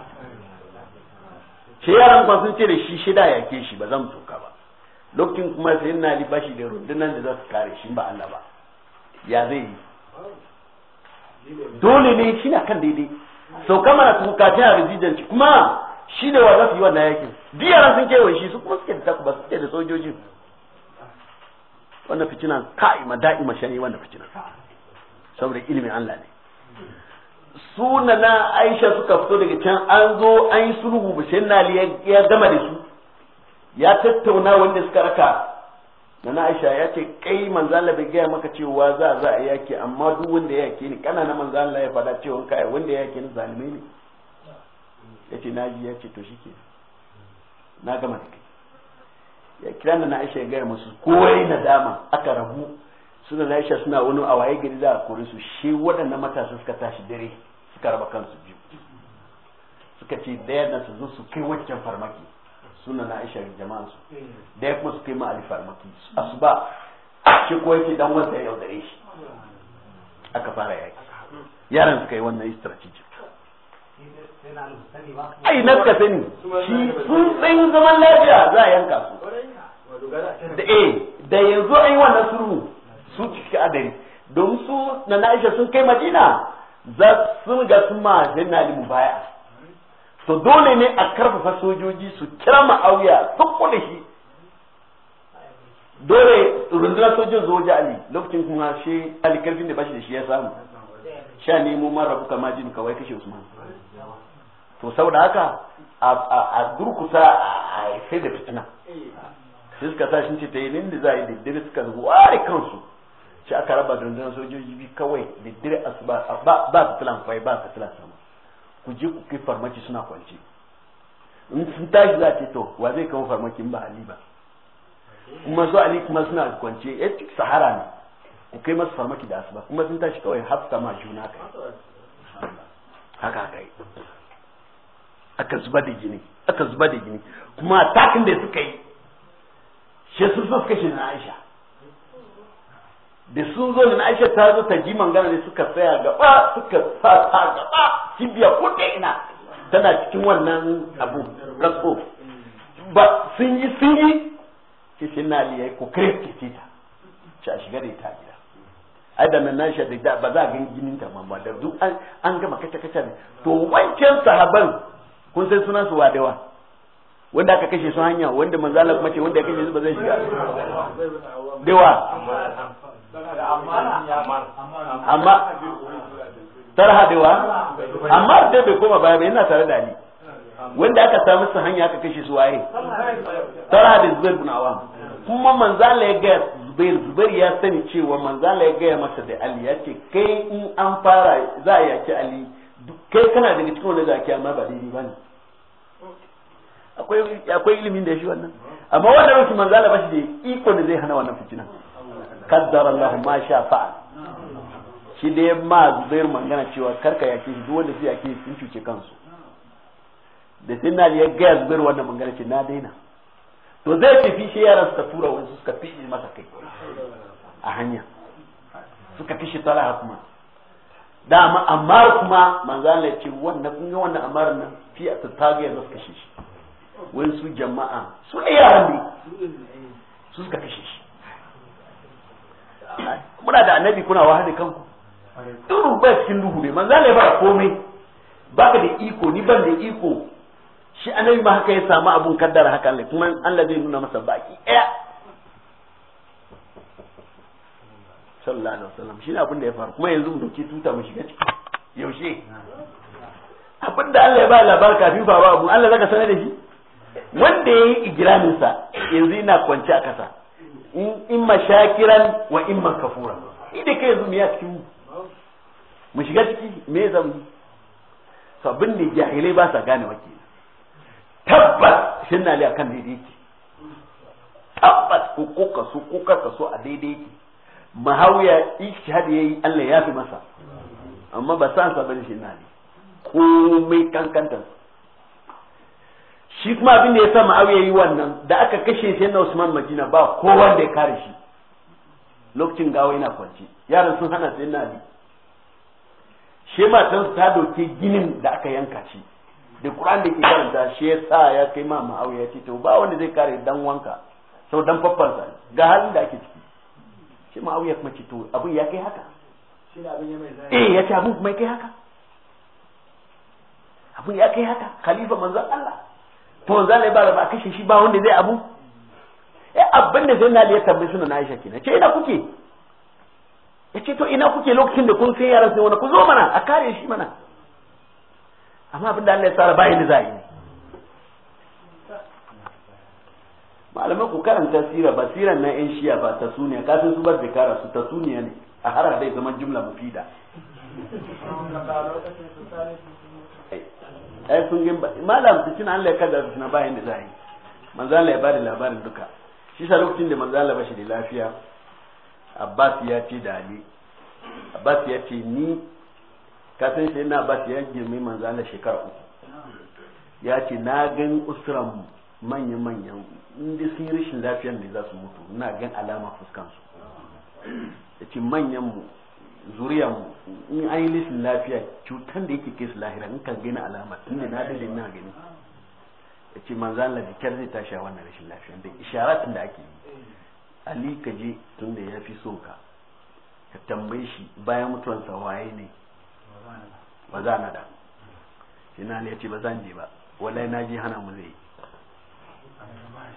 shi yaran kwa sun ce da shi shida ke shi ba zan sauka ba lokacin kuma sai na li bashi da rundunan da za su kare shi ba Allah ba ya zai yi dole ne shi na kan daidai sauka mana su bukatun a rizidanci kuma shi da wa za su yi wannan yakin duk yaran sun kewaye shi su kuma suke da takuba suke da sojojin wannan fitina ka'ima da'ima shani wannan fitinan saboda ilimin Allah ne suna na Aisha suka fito daga can an zo an yi sulhu bishin nali ya gama da su ya tattauna wanda suka raka na na Aisha ya ce kai Manzala bai gaya maka cewa za za a yake amma duk wanda ya yake ni kana na Manzala ya fada cewa kai wanda ya yake ni zalimai ne yace na ya ce to shike na gama da kai ya kira na Aisha ya gaya kowai na nadama aka rabu suna laisha suna wani a waye gari za a kore su shi waɗannan matasa suka tashi dare suka raba kansu biyu suka ce daya na su zo su kai wajen farmaki suna na aisha jama'a su daya kuma su kai ma ali farmaki asuba shi ko yake dan wanda ya yaudare shi aka fara yaki yaran suka yi wannan strategic ai na suka sani shi sun tsayin zaman lafiya za a yanka su da eh da yanzu an yi wannan sulhu su ciki adari don su na na'isha sun kai madina za sun ga sun ma janna mu baya to dole ne a karfafa sojoji su kira ma'auya sun kula shi dole rundunar sojin zo waje ali lokacin kuma shi ali karfin da bashi da shi ya samu sha nemo ma rabu kama jin kawai kashe usman to saboda haka a durkusa a sai da fitina sai suka sa shi ce ta yi da za a yi daidai suka ware kansu shi aka raba da rundunar sojoji bi kawai da dire asuba ba fitilan kwai ba fitilan sama ku je ku kai farmaki suna kwance in sun tashi za ce to wa zai kawo farmakin ba ali ba kuma su ali kuma suna kwance ya eh, sahara ne ku kai masu farmaki da asuba kuma sun tashi kawai hafta ma juna kai haka kai aka zuba da gini aka zuba da jini. kuma takin da suka yi shi sun suka shi na aisha da sun zo da aisha ta zo ta ji mangana ne suka tsaya gaba suka sa ta gaba cibiya da ina tana cikin wannan abu rasko ba sun yi sun yi shi na liya ko kirki ce ta ci a shiga da ita gida ai da nan nashi da ba za a gan ginin ta mamma da duk an gama kace kace ne to wancan sahaban kun san sunan su wadewa wanda aka kashe su hanya wanda manzala kuma ce wanda ya kashe su ba zai shiga dewa amma tarha dewa amma da bai koma baya ba yana tare da ni wanda aka samu su hanya aka kashe su waye tara da zubair bin awam kuma Allah ya ga zubair zubair ya sani cewa Allah ya ga masa da ali ya ce kai in an fara za a yaki ali kai kana daga cikin wanda za a kiyama ba daidai ba ne akwai ilimin da shi wannan amma wannan manzo Allah ba shi da iko da zai hana wannan fitina kaddar Allah ma sha fa'a shi da ya ma zubair magana cewa karka yake shi duk wanda su yaki sun cuce kansu da sai na ya gaya zubair wannan magana ce na daina to zai tafi shi yaran suka tura wani suka fi masa kai a hanya suka fi shi talaha Da dama Amar kuma manzan ya ce wannan kun ga wannan Amar nan fi a tattaga yanzu suka shi wani su jama'a su ne yaran ne su suka shi shi muna da annabi kuna wahada kanku duhu ba cikin duhu ne manzo Allah ba komai baka da iko ni ban da iko shi annabi ma haka ya samu abun kaddara haka Allah kuma Allah zai nuna masa baki ɗaya sallallahu alaihi wasallam shi ne abin da ya faru kuma yanzu mu dauki tuta mu shiga ciki yaushe abin da Allah ya ba labar kafin ba abu Allah zaka sanar da shi wanda ya yi igiraminsa yanzu ina kwance a kasa in ma shakiran wa in ma kafura ni kai yanzu ya cikin mu shiga ciki me zamu to abin da jahilai ba sa gane wake tabbas shin na akan daidai yake tabbas hukuka su kuka ka so a daidai yake mahawiya ijtihad yayi Allah ya fi masa amma ba san sabin shin na komai kankantar shi kuma abin da ya sa ma'awiya yi wannan da aka kashe shi yana Usman Madina ba kowa da ya kare shi lokacin gawa yana kwance yaran sun hana sai Ali shi matan ta doke ginin da aka yanka shi da Qur'an da ke karanta shi ya sa ya kai ma ma'awiya ce to ba wanda zai kare dan wanka sau dan faffansa ga halin da ake ciki shi ma'awiya kuma ce to abin ya kai haka eh ya ce abin kuma ya kai haka abin ya kai haka khalifa manzon Allah to wanzu Allah ya ba ba kashe shi ba wanda zai abu eh abin da zai nali ya tambayi suna na Aisha kenan ce ina kuke ya ce to ina kuke lokacin da kun sai yaran sai wani ku zo mana a kare shi mana amma abin da Allah ya tsara bayan da za yi malamai ku karanta sira ba siran na yan shiya ba ta suniya kafin su bar da kara su ta suniya ne a harar dai zaman jumla mufida ai sun gin malam su cin Allah ya kada su na bayan da za yi manzo Allah ya bada labarin duka shi sa lokacin da manzo Allah bashi da lafiya Abbas ya ce da Ali Abbas ya ce ni ka san sai na Abbas ya girme manzo Allah shekara uku ya ce na gan usran manyan manyan inda sun yi rashin lafiyar ne za su mutu na gan alama fuskansu ya ce manyan mu zuriya in an yi lafiya cutan da yake kesu lahira in kan gina alama tun da na dade na gani ya ce manzan Allah zai tashi a wannan rashin lafiya da isharatin da ake yi ali ka je tun da ya fi so ka ka tambaye shi bayan mutuwansa waye ne ba za na da shi na ya ce ba zan je ba wallahi na je hana mu zai yi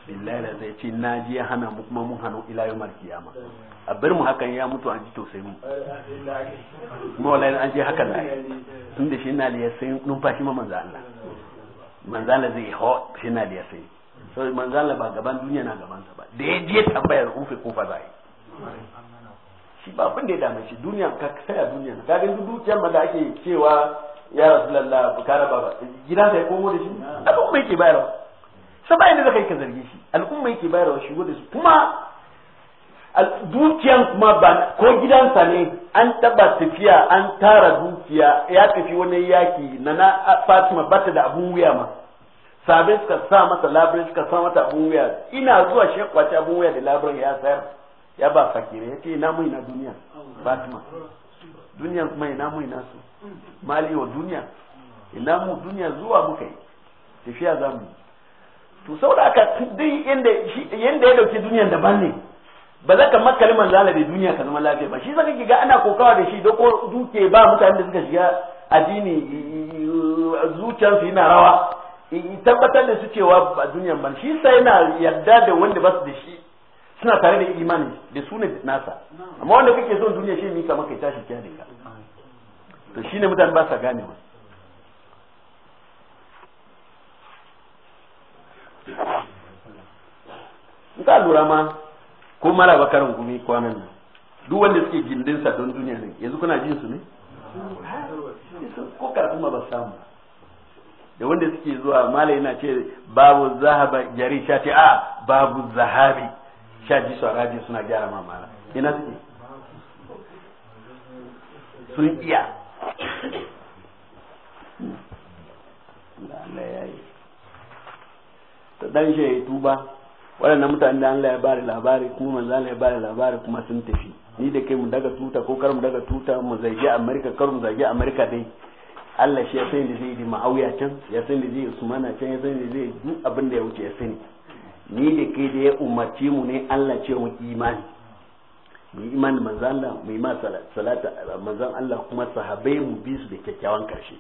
billahi la zai ce na ji ya hana mu kuma mun hano ila yau kiyama a bar mu hakan ya mutu an ji to sai mu kuma an ji hakan na tun da shi na da yasin numfashi ma manzo Allah manzo Allah zai ho shi na da yasin so manzo Allah ba gaban duniya na gaban sa ba da ya je tambayar ufe ko fa zai shi ba abin da ya dame shi duniya ka tsaya duniya ka ga dukiyar ma da ake cewa ya rasulullah bukara baba gidan sai komo da shi abin mai ke bayarwa sai ba inda zaka yi ka zargi shi al'umma yake wa shi da su kuma dukiyan kuma ba ko gidansa ne an taba tafiya an tara dukiya ya tafi wani yaki na na Fatima bata da abun wuya ma sabai suka sa masa labirin suka sa mata abun wuya ina zuwa shi kwace abun wuya da labirin ya sayar ya ba fakire ya ce ina mai na duniya Fatima duniya kuma ina mai na su mali wa duniya ina mu duniya zuwa muka yi tafiya zamu yi to saboda ka duk inda yanda ya dauki duniyar daban ne ba za ka makali manzala da duniya ka zama lafiya ba shi zaka ki ga ana kokawa da shi doko duke ba mutanen da suka shiga addini zuciyarsu yana rawa tabbatar da su cewa ba duniyar ban shi sai yana yarda da wanda ba su da shi suna tare da imani da su ne nasa amma wanda kake son duniya shi ka maka ya tashi kiyaye ka to shine mutane ba sa gane ba. in lura ma ko mara karin gumi kwanan nan duk wanda suke gindinsa don duniya ne yanzu kuna jin su ne ko karfi ma ba samu da wanda suke zuwa malai na ce babu zahaba jari sha ce a babu zahabi sha ji su arabi suna gyara ma Mara ina suke sun iya hmm. Allah ya yi ta dan shi ya tuba waɗannan mutane da Allah ya bari labari kuma manzo Allah ya bari labari kuma sun tafi ni da kai mu daga tuta ko kar mu daga tuta mu zage Amerika kar mu zage Amerika dai Allah shi ya sani da zai yi ma'auya can ya sani da zai Usmana can ya sani da zai duk abin da ya wuce ya sani ni da kai da ya umarci mu ne Allah ce mu imani mu imani manzo Allah mu imani salata manzo Allah kuma sahabbai mu bi su da kyakkyawan karshe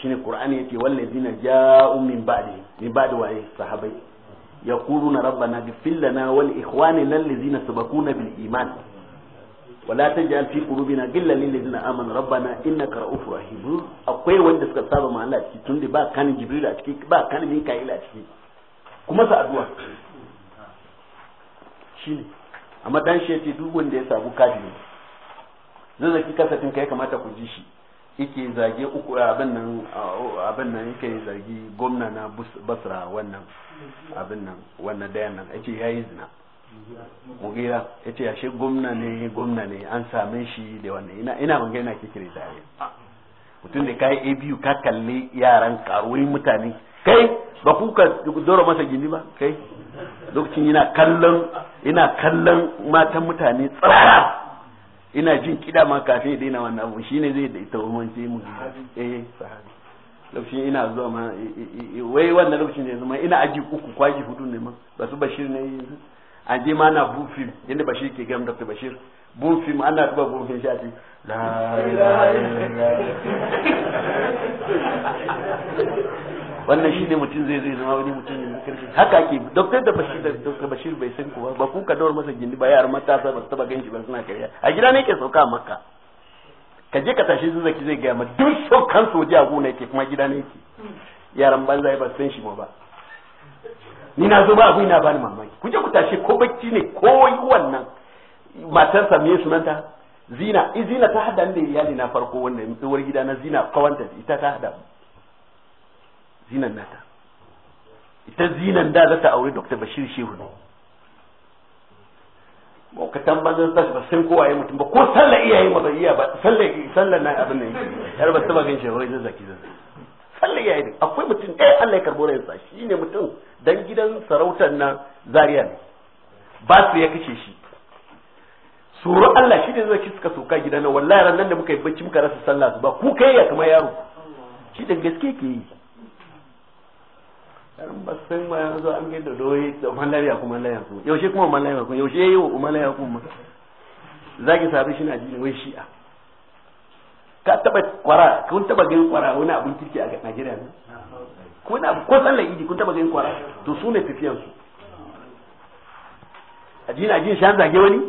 shine qur'ani yake wallazina ja'u min ba'di min ba'di wa sahabai yaquluna rabbana ighfir lana wal ikhwani allazina sabaquna bil iman taj'al fi qulubina ghillan lil للذين amanu rabbana innaka ra'ufur rahim hmm? akwai wanda suka saba ma Allah ciki tunda ba kan jibril a ciki ba kan mika'il a ciki kuma sa addu'a shine amma dan shi yace duk wanda ya ne, kafiri zaki kasafin kai kamata ku ji shi yake zage uku abin nan abin nan yake zargi gwamna na basra wannan abin nan wannan dayan nan yace yayi zina mugira yace ashe gwamna ne gwamna ne an same shi da wannan ina ina ban gaina ke kire tare ah, mutum da kai abu ka kalli yaran karuwai mutane kai ba ku ka dora masa gindi ba kai lokacin yana kallon yana kallon matan mutane tsara ina jin kida ma kafin ya daina wannan abu shine zai da ita umarci mu eh sahabi lokacin ina zuwa ma wai wannan lokacin ne zama ina aji uku kwaji hudu ne ma ba su bashir ne an je ma na bufim yadda bashir ke gam dr bashir bufim ana tuba bufim shi a ce la ilaha illallah wannan shi ne mutum zai zai zama wani mutum ne kirki haka ake doktor da bashir da doktor bashir bai san kowa ba ku ka masa gindi ba yar matasa ba su taba ganshi ba suna kariya a gida ne ke sauka maka. ka je ka tashi zuzaki zai gaya ma duk saukan soja a gona yake kuma gida ne yake yaran banza ba san shi ba ni na zo ba abu ina bani mamaki ku je ku tashi ko bacci ne ko yi wannan matarsa me sunanta zina izina eh, ta hada da iyali na farko wannan uwar gida na zina kawanta ita ta hada zinan nata ita zinan da za ta aure dr bashir shehu ne maukatan ka tambayin sa ba sai kowa ya mutum ba ko sallar iyaye ma bai iya ba sallar sallar na abin nan yake yar ba ta gan shehu zai zaki zai sallar iyaye din akwai mutum ɗaya eh, Allah ya karbo rayuwarsa shine mutum dan gidan sarautar na Zariya ne ba su ya kace shi tsoron Allah shi ne ki suka soka gidana wallahi ran nan da muka yi bacci muka rasa sallah su ba ku kai ya kamar yaro shi da gaske ke yi ba san ma yanzu an ga da doyi da mallaya kuma mallaya ku yaushe kuma mallaya ku yaushe yayi wa mallaya ku ma zaki sabi shi na jini wai shi'a ka taba kwara kun taba ganin kwara wani abin kirki a Najeriya ne ko na ko sallar idi kun taba ganin kwara to su ne tafiyan su addini addini shan zage wani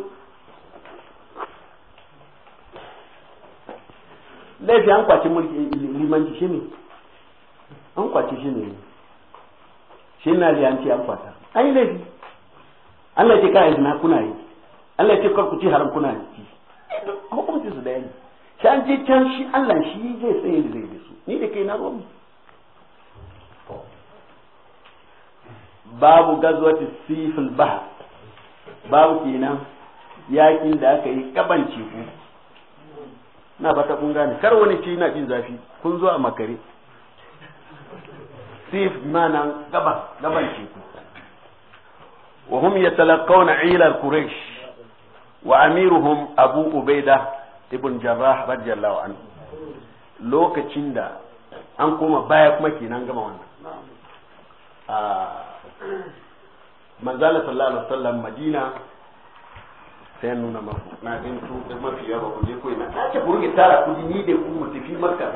laifi an kwace mulki limanci shi ne an kwace shi ne shi na ji an ce an fata ai laifi Allah ce kai na kuna yi Allah ce kar ku ci haram kuna ci hukunci su da yi shi an je can shi Allah shi zai tsaye da zai su ni da kai na ruwan babu gazwati sifil ba babu kenan yakin da aka yi kaban ku na fata kun gane kar wani ci na jin zafi kun zo a makare سيف manan gaban gaban teku wa hum yatalaqawna ila quraish wa amiruhum abu ubaida ibn jarrah radiyallahu anhu lokacin da an koma baya kuma kenan gama wannan ah, manzala sallallahu madina sai nuna na da mafi yawa kuje ko ina na ce ku tara kudi ni da ku mu fi makka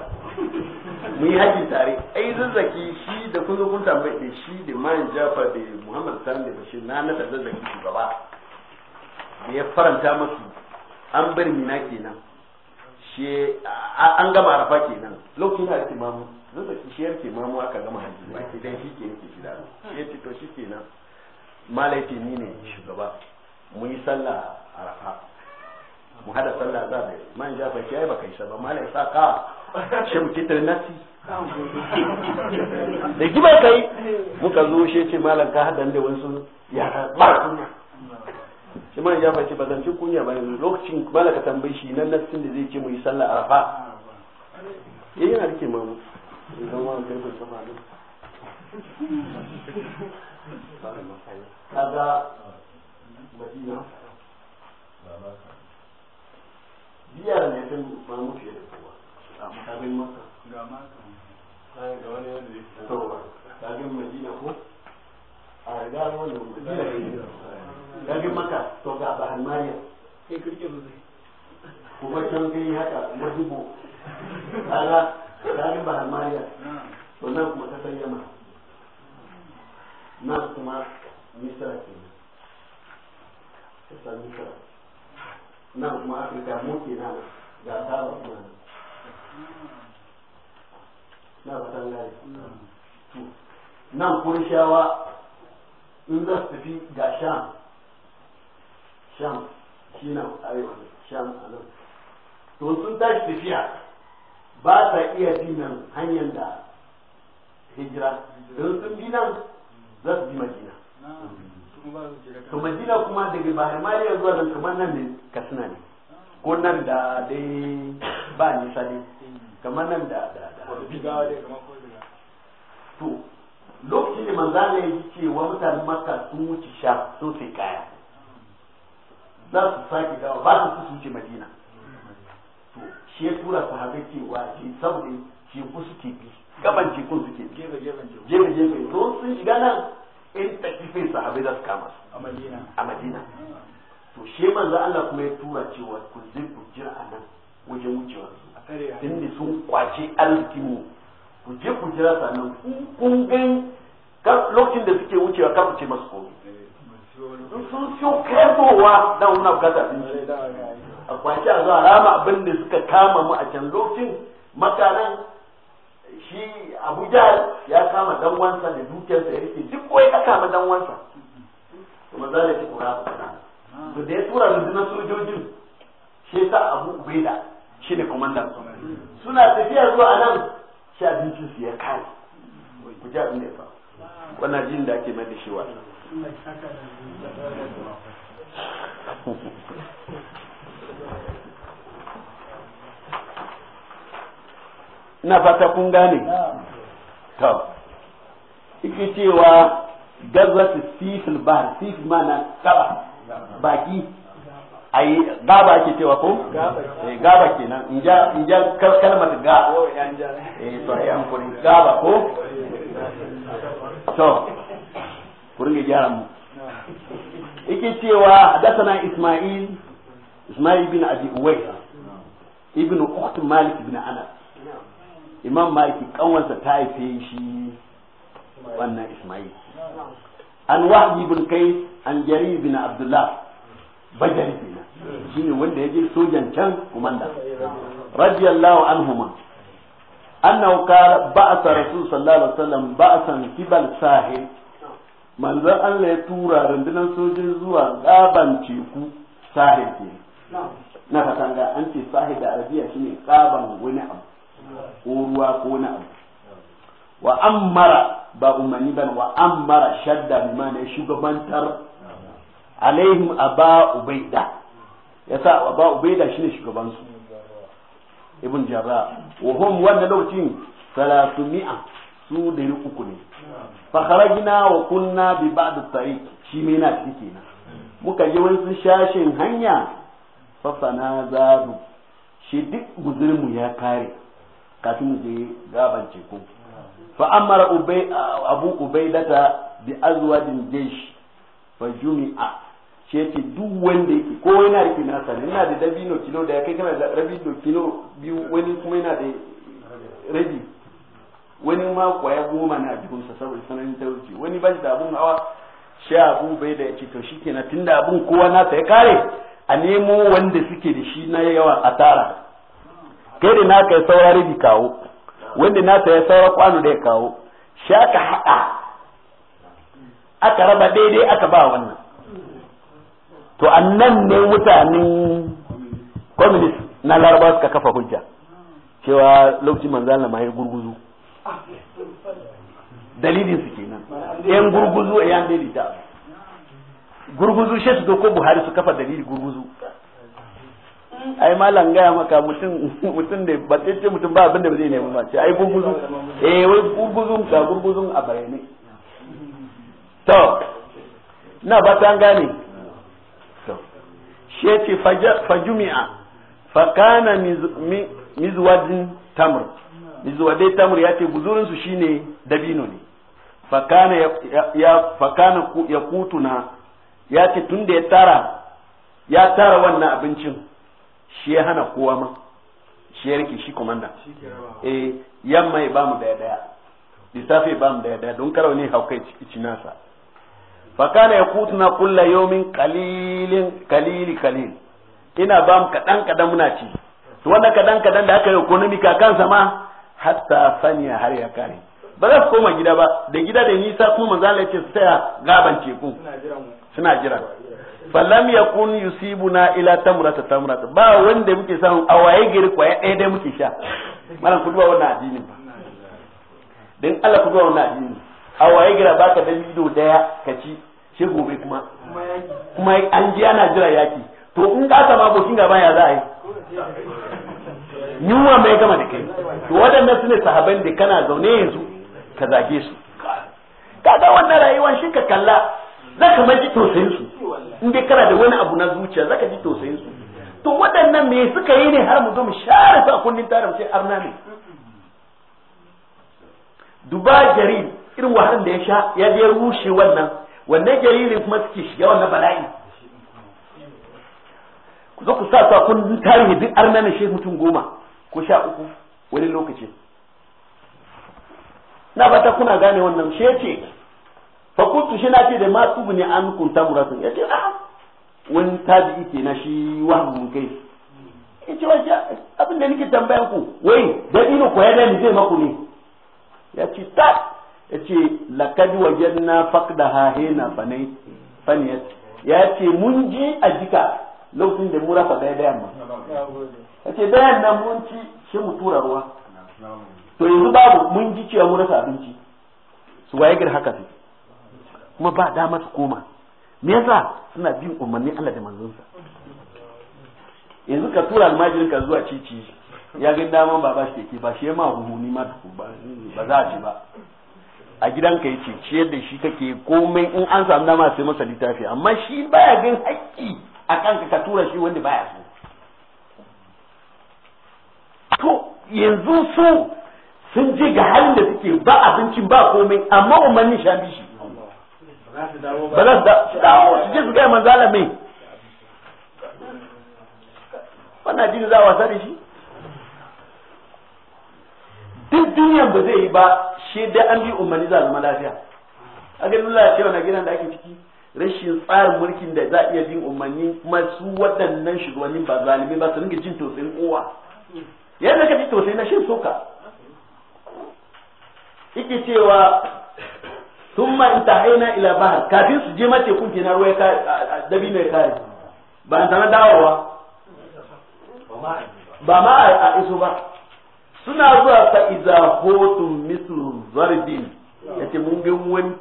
mu yi hajji tare ai zazzaki shi da kun zo kun tambaye da shi da man jafa da muhammad sani da bashir na nata zazzaki shugaba da ya faranta masu an bari mina kenan shi an gama arafa kenan lokacin da ake mamu zazzaki shi yake mamu aka gama hajji ba ke dan shi ke yake shi da shi ya to shi kenan malai ni ne shugaba mu yi sallah arafa mu hada sallah za da man jafa shi ai baka yi ba malai sa ka shi mu kitar nasi da giba kai muka zo shi ce malam ka hadan da wasu ya ba kunya shi ma ya bazan bazancin kunya ba yanzu lokacin malam ka tambayi shi nan nasin da zai ce mu yi sallah arafa eh yana rike mamu idan ma kai ku sama ne. kaga madina biya ne sun mamu fiye da kafin maka ga maka kayan ga wani wanda ya fita kafin madina ko a ga wani madina ya kafin maka to ga bahan mariya sai kirkin zai kuma can kai haka madubo kaga kafin bahan mariya to nan kuma ta yamma nan kuma misra ke kasar misra nan kuma afirka mu nan ga tawa kuma na fatan gari nan kurishawa in za su fi ga sham sham shi nan arewa sham a nan to sun tashi tafiya ba sa iya bi nan hanyar da hijira don sun bi nan za su bi madina to madina kuma daga bahar mariya zuwa nan kamar nan ne katsina ne ko nan da dai ba nisa ne kamar nan da da da to lokacin da manza ne ya ji cewa mutanen makka sun wuce sha sun sai kaya za su sake dawa ba su su wuce madina to shi ya tura sahabai cewa shi saboda shi ku suke bi gaban ce jikun suke bi jefe jefe to sun shiga nan in takifin sahabai za su kama su a madina to shi manzo Allah kuma ya tura cewa ku zai ku jira a nan wajen wucewa din da sun kwace arzikinmu ku je ku jira sannan kun gan lokacin da suke wucewa kar ku ce masu komi sun siyo kaifowa da wuna bukata din shi a kwace a zuwa rama abin da suka kama mu a can lokacin makaran shi abuja ya kama dan wansa da dukiyarsa ya rike duk wai ka kama dan wansa kuma za da ci kura su da ya tura rundunar sojojin shi ta abu ubaida shine komandan suna tafiya zuwa nan shi abincin su ya kare ku ji abin da ya fa wannan jin da ake mai da shi wa na fata kun gane to iki cewa gazza sifil ba, sifil mana kaba baki ai gaba ake cewa ko gaba eh, kenan in ja in ja kalmar ga eh to ai an kurin gaba ko to kurin ga jaran mu yake cewa hadathana isma'il isma'il bin abi uwais ibnu ukht malik ibn anas imam Malik kanwansa ta haife shi wannan isma'il an wahbi bin kai an jarir bin abdullah bajari kenan shine wanda ya je sojan can kumanda radiyallahu anhuma annahu qala ba'atha rasul sallallahu alaihi wasallam ba'san kibal sahil manzo Allah ya tura rundunar sojin zuwa gaban teku sahil ke na katanga an ce sahil da arabiya shine gaban wani abu ko ruwa ko wani abu wa ammara ba umarni ban wa ammara shadda bima ne shugabantar alaihim aba ubaida yasa aba ubaida shine shugaban su ibn jabra wa hum wannan lokacin 300 su da uku ne fa kharajna wa kunna bi ba'd at-tariq shi me na ciki na muka je wani shashin hanya fa sana zabu shi duk guzurmu ya kare kafin mu je gaban teku fa amara ubay abu ubaidata bi azwadin jaysh fa jumi'a shi yake duk wanda yake ko yana rike nasa ne yana da dabino kilo da ya kai kana da rabino kilo biyu wani kuma yana da rabi wani ma kwaya goma na jihunsa saboda sanarin talauci wani ba da abun hawa sha abu bai da ya ce to shikenan tunda abun kowa nasa ya kare a nemo wanda suke da shi na yawa a tara kai da naka ya saura rabi kawo wanda nasa ya saura kwano da ya kawo sha aka haɗa aka raba daidai aka ba wannan to annan ne mutanen communist na laraba suka kafa hujja cewa lokacin manzo Allah mai gurguzu dalilin su kenan yan gurguzu yan dalita gurguzu shi su doko Buhari su kafa dalili gurguzu ai malam gaya maka mutum mutum da ba ce mutum ba abin da zai nemi ba ce ai gurguzu eh wai gurguzun ka gurguzun a bayane to na ba ta gane ya ce fajumi'a fakana mizwadin tamr mizwadai tamr ya ce shi shine dabino ne fakana ya ya kutuna ya ce tunda ya tara ya tara wannan abincin shi ya hana kowa ma shi ya rike shi komanda eh yamma ya bamu daya daya lissafi ya bamu daya daya don karau ne haukai cikin nasa fakana ya kutuna kulla yomin kalilin kalili kalil ina ba mu kaɗan kaɗan muna ci to wannan kaɗan kaɗan da aka yi economic a kansa ma hatta saniya har ya kare ba za su koma gida ba da gida da nisa kuma manzo Allah yake tsaya gaban teku suna jira falam yakun yusibuna ila tamrata tamrata ba wanda muke samu a waye gari kwaya ɗaya dai muke sha malam ku duba wannan addinin ba dan Allah ku duba wannan addinin a waye gari baka da ido daya ka ci ce gobe kuma kuma an ji ana jira yaki to in ka sama abokin gaba ya za a yi yunwa mai gama da kai to waɗannan su ne sahaban da kana zaune yanzu ka zage su kaga wannan rayuwar shi ka kalla zaka ma ji tausayin su in dai kana da wani abu na zuciya zaka ji tausayin su to waɗannan me suka yi ne har mu zo mu share su a kundin tarin sai arna ne duba jarin irin wahalar da ya sha ya je rushe wannan wannan jaririn kuma suke shiga wannan bala'i ku zo ku sa sa kun tarihi duk arnanin shi mutum goma ko sha uku wani lokaci na ta kuna gane wannan shi yace fa kuntu shi na ce da ma ne an kun Ya ce a ah, wani tabi'i ke na shi mun kai ce wa abin da nake tambayan ku wai da ino ko ya da ni zai maku ne ya ce ta yace laqad wajanna faqdaha hina fanai faniyat yace mun ji a jika lokacin da mura rafa daya yamma mu yace da nan mun ci shi mu tura ruwa to yanzu babu mun ji cewa mura rasa abinci su waye gir haka su kuma ba dama su koma me yasa suna bin umarni Allah da manzonsa yanzu ka tura almajirin ka zuwa cici ya ga dama ba ba shi ke ba shi ma ni ma ba za a ci ba a gidan gidanka yace ciyar da shi kake komai in an samu dama sai masa littafi amma shi baya gan haƙƙi a kanka ka tura shi wanda baya so to yanzu su sun je ga halin da suke ba abincin ba komai amma umarni sha bishi ba za su dawo su je su gaya manzala mai wannan jini za a wasa da shi duk duniyan ba zai yi ba shi dai an bi umarni za zama lafiya a ganin ce na gidan da ake ciki rashin tsarin mulkin da za a iya bin umarni kuma su waɗannan shugabannin ba zalimi ba su ringa jin tausayin kowa yadda ka ji tausayi na shin soka yake cewa tun ma in tahaina ila bahar kafin su je mace kun kenan ruwa dabi mai kare ba an tana dawowa ba ma a iso ba suna zuwa fa iza hotun mislu zarbin yace mun ga wani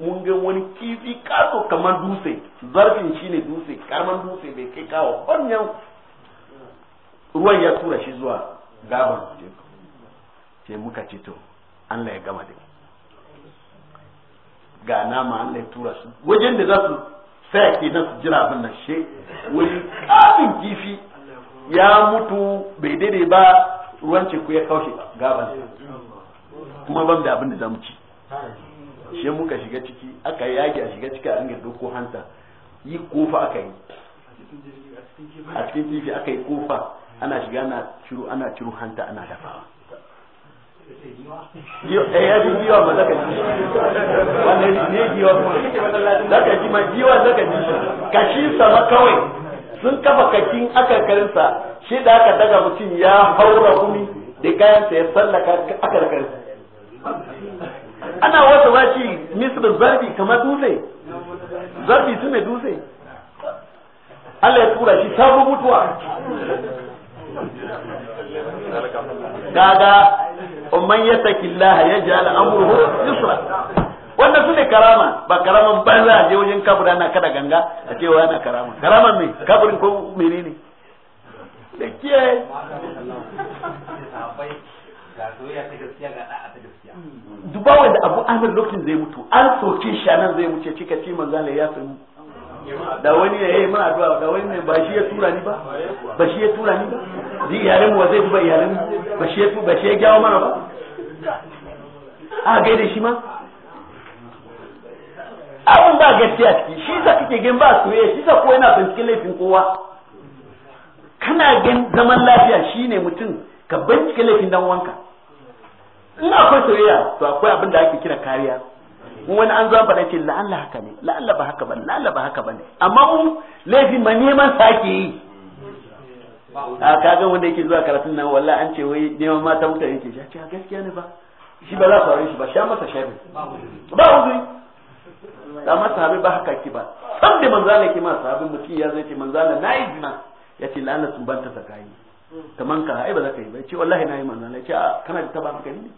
mun ga wani kifi kaso kamar dutse zarbin shine dutse karman dutse bai kai kawo wannan ruwan ya tura shi zuwa gaban ce muka ce to Allah ya gama da ga nama Allah ya tura su wajen da za su saya ke nan su jira abin nan she wani kafin kifi ya mutu bai daidai ba ruwan teku ya kaushe gaban kuma ban da abin da zamu ci shi muka shiga ciki aka yaki a shiga ciki a ringa doko hanta yi kofa aka yi a cikin kifi aka yi kofa ana shiga ana ciro ana ciro hanta ana dafawa eh, ya ji giwa ma zaka ji wannan ne giwa zaka ji ma giwa zaka ji kashin sama kawai sun kafa kakin aka akalinsa shi da aka daga mutum ya haura gumi da kayan sa ya sallaka aka da karfi ana ba shi misir zarbi kamar dutse zarbi su ne dutse Allah ya tura shi sabu mutuwa kaga umman saki Allah ya ja'al amruhu yusra wannan su ne karama ba karaman banza a je wajen kabura na kada ganga a cewa yana karama karaman me kaburin ko menene da gaskiya. duba wanda abu amir lokacin zai mutu an soke shi nan zai wuce cika ce manzala ya sanu da wani ya yi mana addu'a da wani ne ba shi ya tura ni ba ba shi ya tura ni ba di iyalin mu zai duba iyalin ba shi ya ba shi ya gyawo mana ba a ga da shi ma abun ba gaskiya ciki shi sa kike gin ba soyayya shi sa ko yana binciken laifin kowa kana gan zaman lafiya shine mutum ka bincike laifin dan wanka in akwai soyayya to akwai abin da ake kira kariya wani an zama faɗa ce la'alla haka ne la'alla ba haka ba la'alla ba haka ba ne amma mu laifin ma neman sake yi a kagan wanda yake zuwa karatun nan walla an ce wai neman mata mutane yake shi a gaskiya ne ba shi ba za su shi ba sha masa shafi ba uzuri ba masa habi ba haka ki ba sam da manzana ke ma sahabin mutum ya zai ce manzana na yi zina ya ce la'alla sun banta ta kayi ta manka ai ba za ka yi ba ya ce wallahi na yi manzan ya ce a ah, kana da taba hankali ne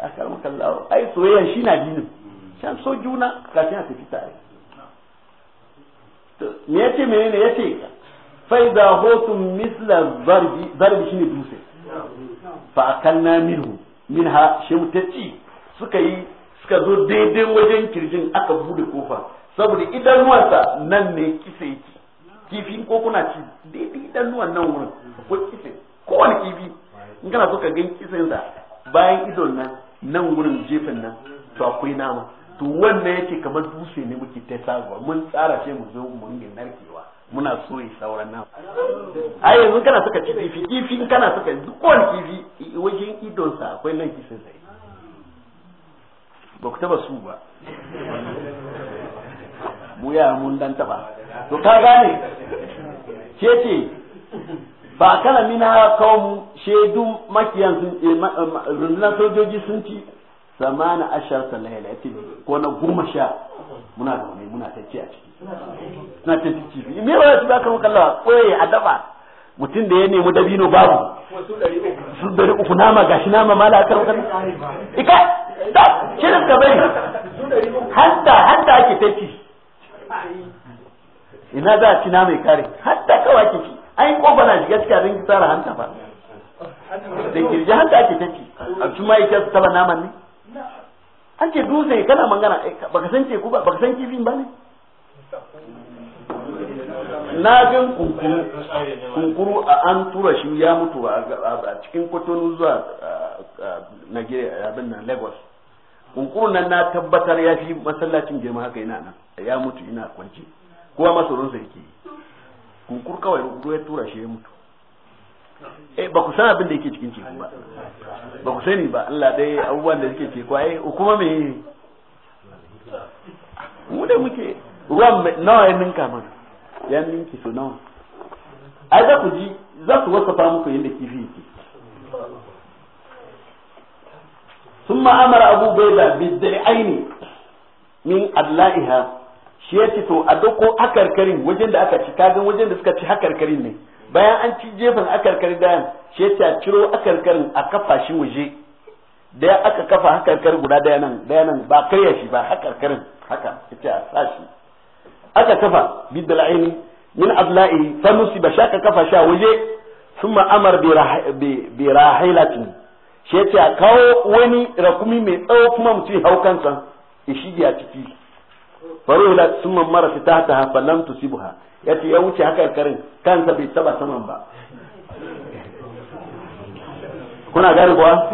a karmu kallawa ai soyayya shi na dinin can so juna kafin a tafi tare me ya ce menene ya ce faida hotun misla zarbi shine dutse fa na minhu Min ha shi ci suka yi suka zo daidai wajen kirjin aka bude kofa saboda sa nan ne kisa yake kifin ko kuna ci daidai idanuwan nan wurin ko kisa kowane kifi in kana so ka gan sa bayan idon nan nan wurin jefin nan to akwai nama to wannan yake kamar dutse ne muke ta sabuwa mun tsara ce mu zo mu ringa narkewa muna so yi sauran nan ai yanzu kana suka ci kifi kifin kana suka duk kowane kifi wajen sa akwai nan kisansa ba ku taba su ba mu yara mun dan taba to ka gane ce ce ba kana mina kawo shaidu makiyan sun eh, rundunar sojoji sun ci samana ashar salayla ya ko na goma sha muna wani muna ta ci a ciki suna ta ci fi me ba su ba kan kallawa koyi a daba mutum da ya nemi dabino babu su dari uku nama gashi nama mala kan kallawa ika shirin ka bari hanta hanta ake ta ina za a ci na mai kare hanta kawai ake ci an yi kofa na shiga cikin abin tsara hanta ba da kirji hanta ake ta ci a cikin ma'aikata su taba naman ne an ce dutse kana magana eh, baka san ku ba baka san kifin ba ne na gan kunkuru kunkuru a an tura shi ya mutu a cikin kwatonu zuwa Nigeria abin nan Lagos kunkuru nan na tabbatar ya fi masallacin girma haka yana nan ya mutu ina kwance kowa sa yake kunkuru kawai kunkuru ya tura shi ya mutu eh ba ku san abin da yake cikin teku ba ba ku sani ba Allah dai abubuwan da suke teku eh kuma me mu da muke ruwan nawa ya ninka mana ya minki su nawa ai za ku ji za su wasafa muku yadda kifi yake sun ma'amara abu bai da bizdari aini min adla'iha shi ya to a doko akarkarin wajen da aka ci kagan wajen da suka ci hakarkarin ne bayan an ci jefin akarkarin dayan shi ya a ciro akarkarin a kafa shi waje da aka kafa hakarkarin guda dayanan ba karya shi ba hakarkarin haka ita a sa shi aka kafa bidda la'ini min adla'i fanusi ba shaka kafa sha waje thumma amar bi rahilatin shi yace a kawo wani rakumi mai tsawo kuma mutum hau kansa shige a ciki faruhila thumma mara ta hafa lam tusibha yace ya wuce haka karin kansa bai taba saman ba kuna gane kuwa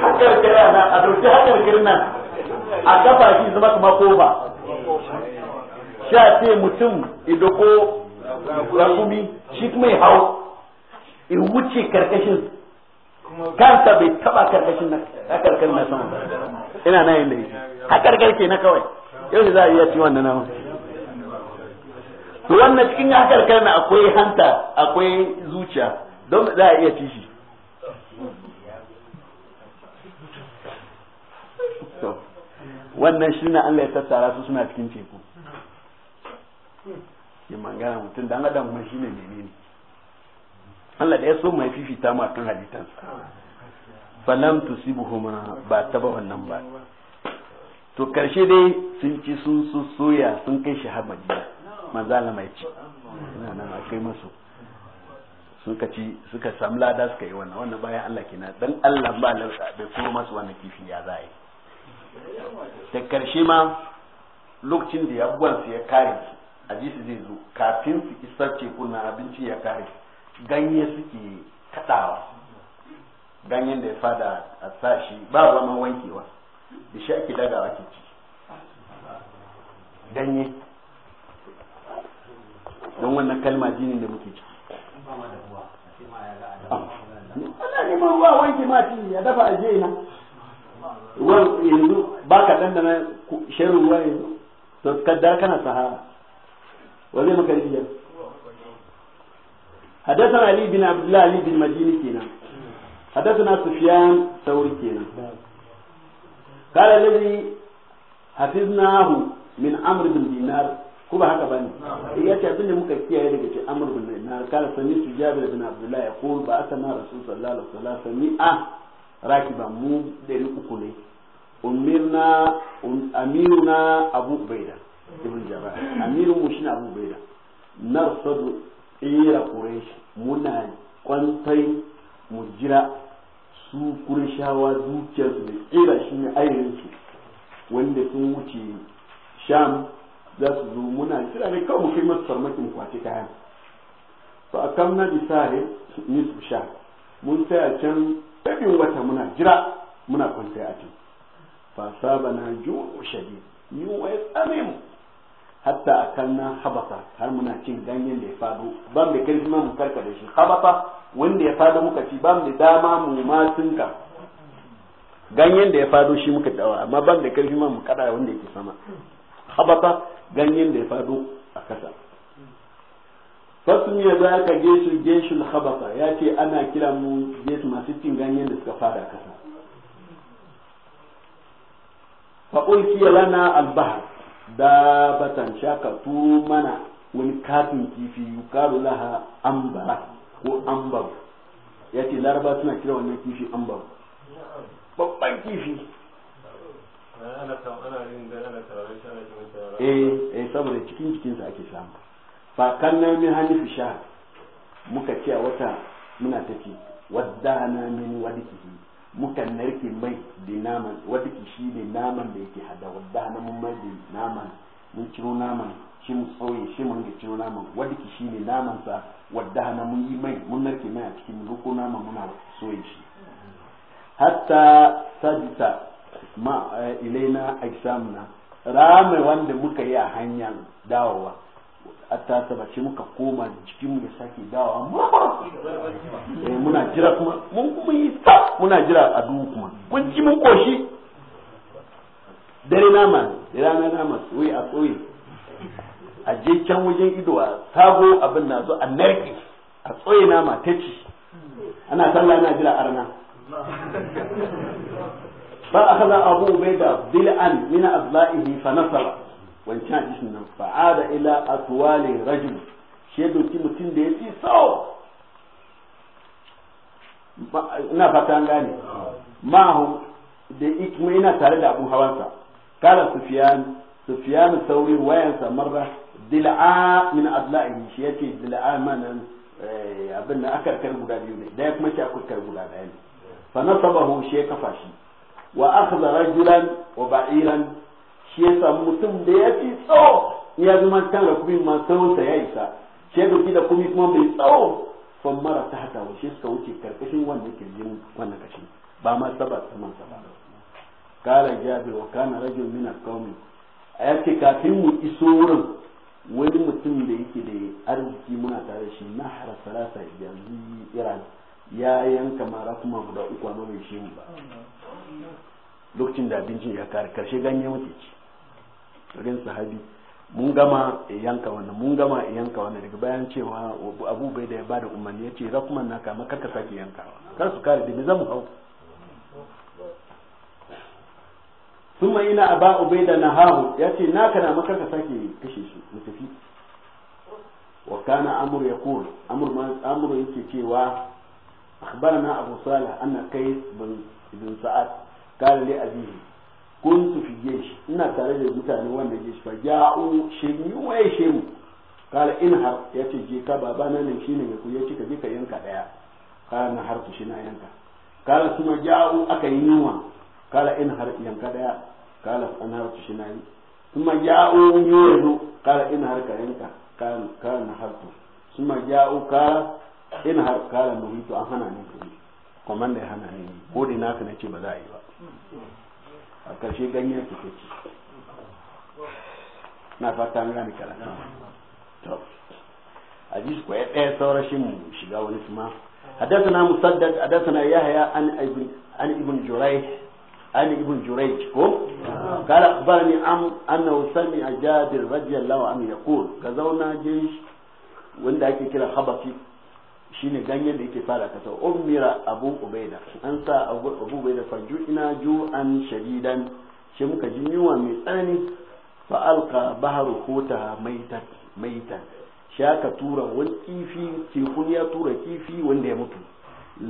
hakar kira na a dauki hakar kirnan a kafa shi zama kuma ba sha ce mutum idoko rakumi shi kuma ya hau in wuce karkashin kanta bai taba karkashin na karkar na sama ina na yin da shi hakarkar ke na kawai yau za a iya ci wannan nama to wannan cikin hakarkar na akwai hanta akwai zuciya don za a iya ci shi wannan shi na Allah ya tattara su suna cikin teku yi mangana mutum da adam kuma shi ne ne. Allah da ya so mai fifita mu kan halittansa falam ma ba ta ba wannan ba to karshe dai sun ci sun su soya sun kai shi har madina manzala mai ci ina nan a kai masu suka ci suka samu lada suka yi wannan wannan bayan Allah kenan dan Allah ba lausa bai kuma masu wannan kifi ya zai da karshe ma lokacin da yabuwansu ya kare a ji su zai zo kafin su isar tekun kuna abinci ya kare ganye suke kadawa ganyen da ya fada a sashi ba zama wankewa da shi ake daga ke ci ganye don wannan kalma jini da muke ciki ana neman ruwa wanke ma ya dafa a na ruwan yanzu ba ka dandana shirin ruwa yanzu to kaddar kana sahara wa zai maka rijiya حدثنا علي بن عبد الله علي بن مديني كنا حدثنا سفيان ثوري كنا قال الذي حفظناه من عمرو بن دينار ko ba haka bane ya ce abinda muka kiyaye daga ce amr bin dinar kala sami su jabir bin abdullah ya qul ba asana rasul sallallahu alaihi wasallam sami a rakiba mu dari uku ne umirna أميرنا أبو بيدا ابن جبار أمير مشنا أبو بيدا baida إيرا قريش منا قنطي مجرى mu jira su kurshawa dukiyar su da ira shi ne su wanda sun wuce sham za su zo muna jira ne kawai mu kai masu farmakin kwace kayan fa akamna sare ni su sha mun tsaya can tabin wata muna jira muna kwantai a can fasabana ju'u shadid yunwa ya tsame mu hatta akalna habata har muna cin ganyen da ya fado ban da kai mu karka da shi habata wanda ya fado muka ci ban da dama mu ma tunka ganyen da ya fado shi muka dawa amma ban da karfi ma mu kada wanda yake sama habata ganyen da ya fado a kasa fasun ya za ka geshu geshul habata yace ana kira mu geshu masu cin ganyen da suka fada kasa faƙulki lana albahar da batan shaka turo mana wani katin kifi yukaru laha ambara ko ambar ya ce laraba suna kira wannan kifi ambar babban kifi eh eh saboda cikin jikinsa ake samu fa kanna min hanifi sha muka ce wata muna tafi wadda na min wadda kifi muka narke mai da naman wata shi ne naman da yake hada wadda na mun mai da naman mun ciro naman shi mun tsoye shi mun ga ciro naman wata shi ne naman sa wadda na mun yi mai mun narke mai a cikin ruko naman muna soye shi hatta sadita ma eh, ilaina aisamuna rame wanda muka yi a hanyar dawowa hatta ce muka koma jikinmu ya sake dawa eh, muna jira kuma mun kuma yi ta muna jira a duhu kuma kun ji mun koshi dare nama da rana nama soyi a soyi a je can wajen ido a sago abin na zo a narki a tsoye nama ta ci ana sallah ana jira arna ba a kaza abu bai da bil'an min azla'ihi fa nasara wancan hadisin nan fa'ada ila atwali rajul shi ya doki mutum da ya fi so ina fata an gane ma'ahu da ikma ina tare da abun hawansa kala sufiyan sufiyan sauri wayansa marra dil'a min adla'i shi yace dil'a manan eh, abin da akarkar guda biyu ne daya kuma shi akarkar guda daya ne fa nasabahu shi ya kafa shi wa akhadha rajulan wa ba'iran shi ya samu mutum da ya fi tsawo ya zama can rakumi ma tsawonsa ya isa shi ya dauki da kuma kuma mai tsawo fan mara ta hata wa shi suka wuce karkashin wanda ke jin wannan kashi ba ma saba saman saba kala jabi wa kana rajul min a ya ce kafin mu iso wurin wani mutum da yake da arziki muna tare shi na hara salasa yanzu iran ya yanka mara kuma guda uku a mai shi mu ba lokacin da abincin ya kare karshe ganye mutunci ci rin sahabi mun gama yanka wannan mun gama yanka wannan daga bayan cewa abu bai da ya bada umarni ya ce kuma naka amma karka sake yanka kar su kare da me zamu hau summa ina da na hau ya ce naka na makar ka sake kashe shi mu tafi wa kana ya yaqul amur ma ya yake cewa akhbarana abu salih anna kai bin ibn sa'ad qala li abihi kuntu fi jeshi ina tare da mutane wanda jeshi fa ja'u shemi waye shemu kala in har ya ce je ka baba na ne shine mai kuya cika je ka yanka daya kala na har shi na yanka kala kuma ja'u aka yi niwa kala in har yanka daya kala an har shi na yi kuma ja'u yunwa kala in har ka yanka kala na har kuma ja'u kala in har kala muhitu an hana ni ku komanda ya hana ni ko dai naka na ce ba za a yi ba a ƙarshe ganye su ke ci na fata an gane karatu to a ji su ɗaya saurashin mu shiga wani kuma A مسدد yahaya يحيى عن ابن an ibn جريج عن ابن جريج قال اخبرني عم am سمع جابر رضي الله عنه يقول غزونا جيش wanda ake kira habafi shine ganyen da yake fara kasa umira abu ubaida an sa abu ubaida fa ju'ina ju'an shadidan shi muka ji yunwa mai tsanani fa alqa bahru khuta maitan maitan shi aka tura wani kifi tekun ya tura kifi wanda ya mutu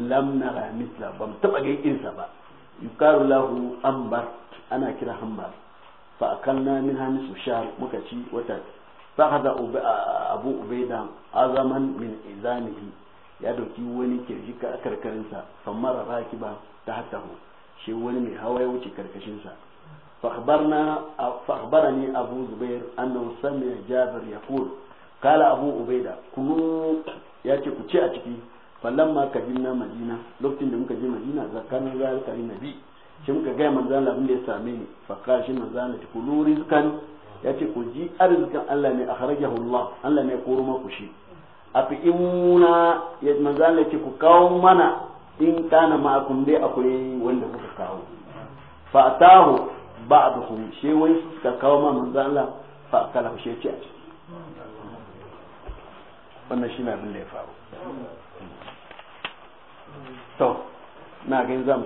lam nara misla bam taba ga irinsa ba yukaru lahu ambar ana kira hambar fa akalna min hamisu shar muka ci wata fa hada abu ubaida azaman min izamihi ya dauki wani kirji a karkarinsa san mara ba ba ta hatta hu shi wani mai hawa ya wuce karkashinsa fahbara ne abu zubair an da jabir ya kuru kala abu ubaida kuma ya ce ku ce a ciki fallon ma ka jina madina lokacin da muka je madina zakanin zai kari na bi shi muka gaya manzan labin da ya same ni faka shi manzan da kulu rizkan ya ce ku ji arzikin allah ne a harajahullah allah ne ya koro ma shi a fi muna ya manzana ce ku kawo mana in kana ma'akum dai akwai wanda kuka kawo fatahu ba'dhum shi wai suka kawo ma manzo Allah fa kala shi ce wannan shi ne abin da ya faru to na ga yanzu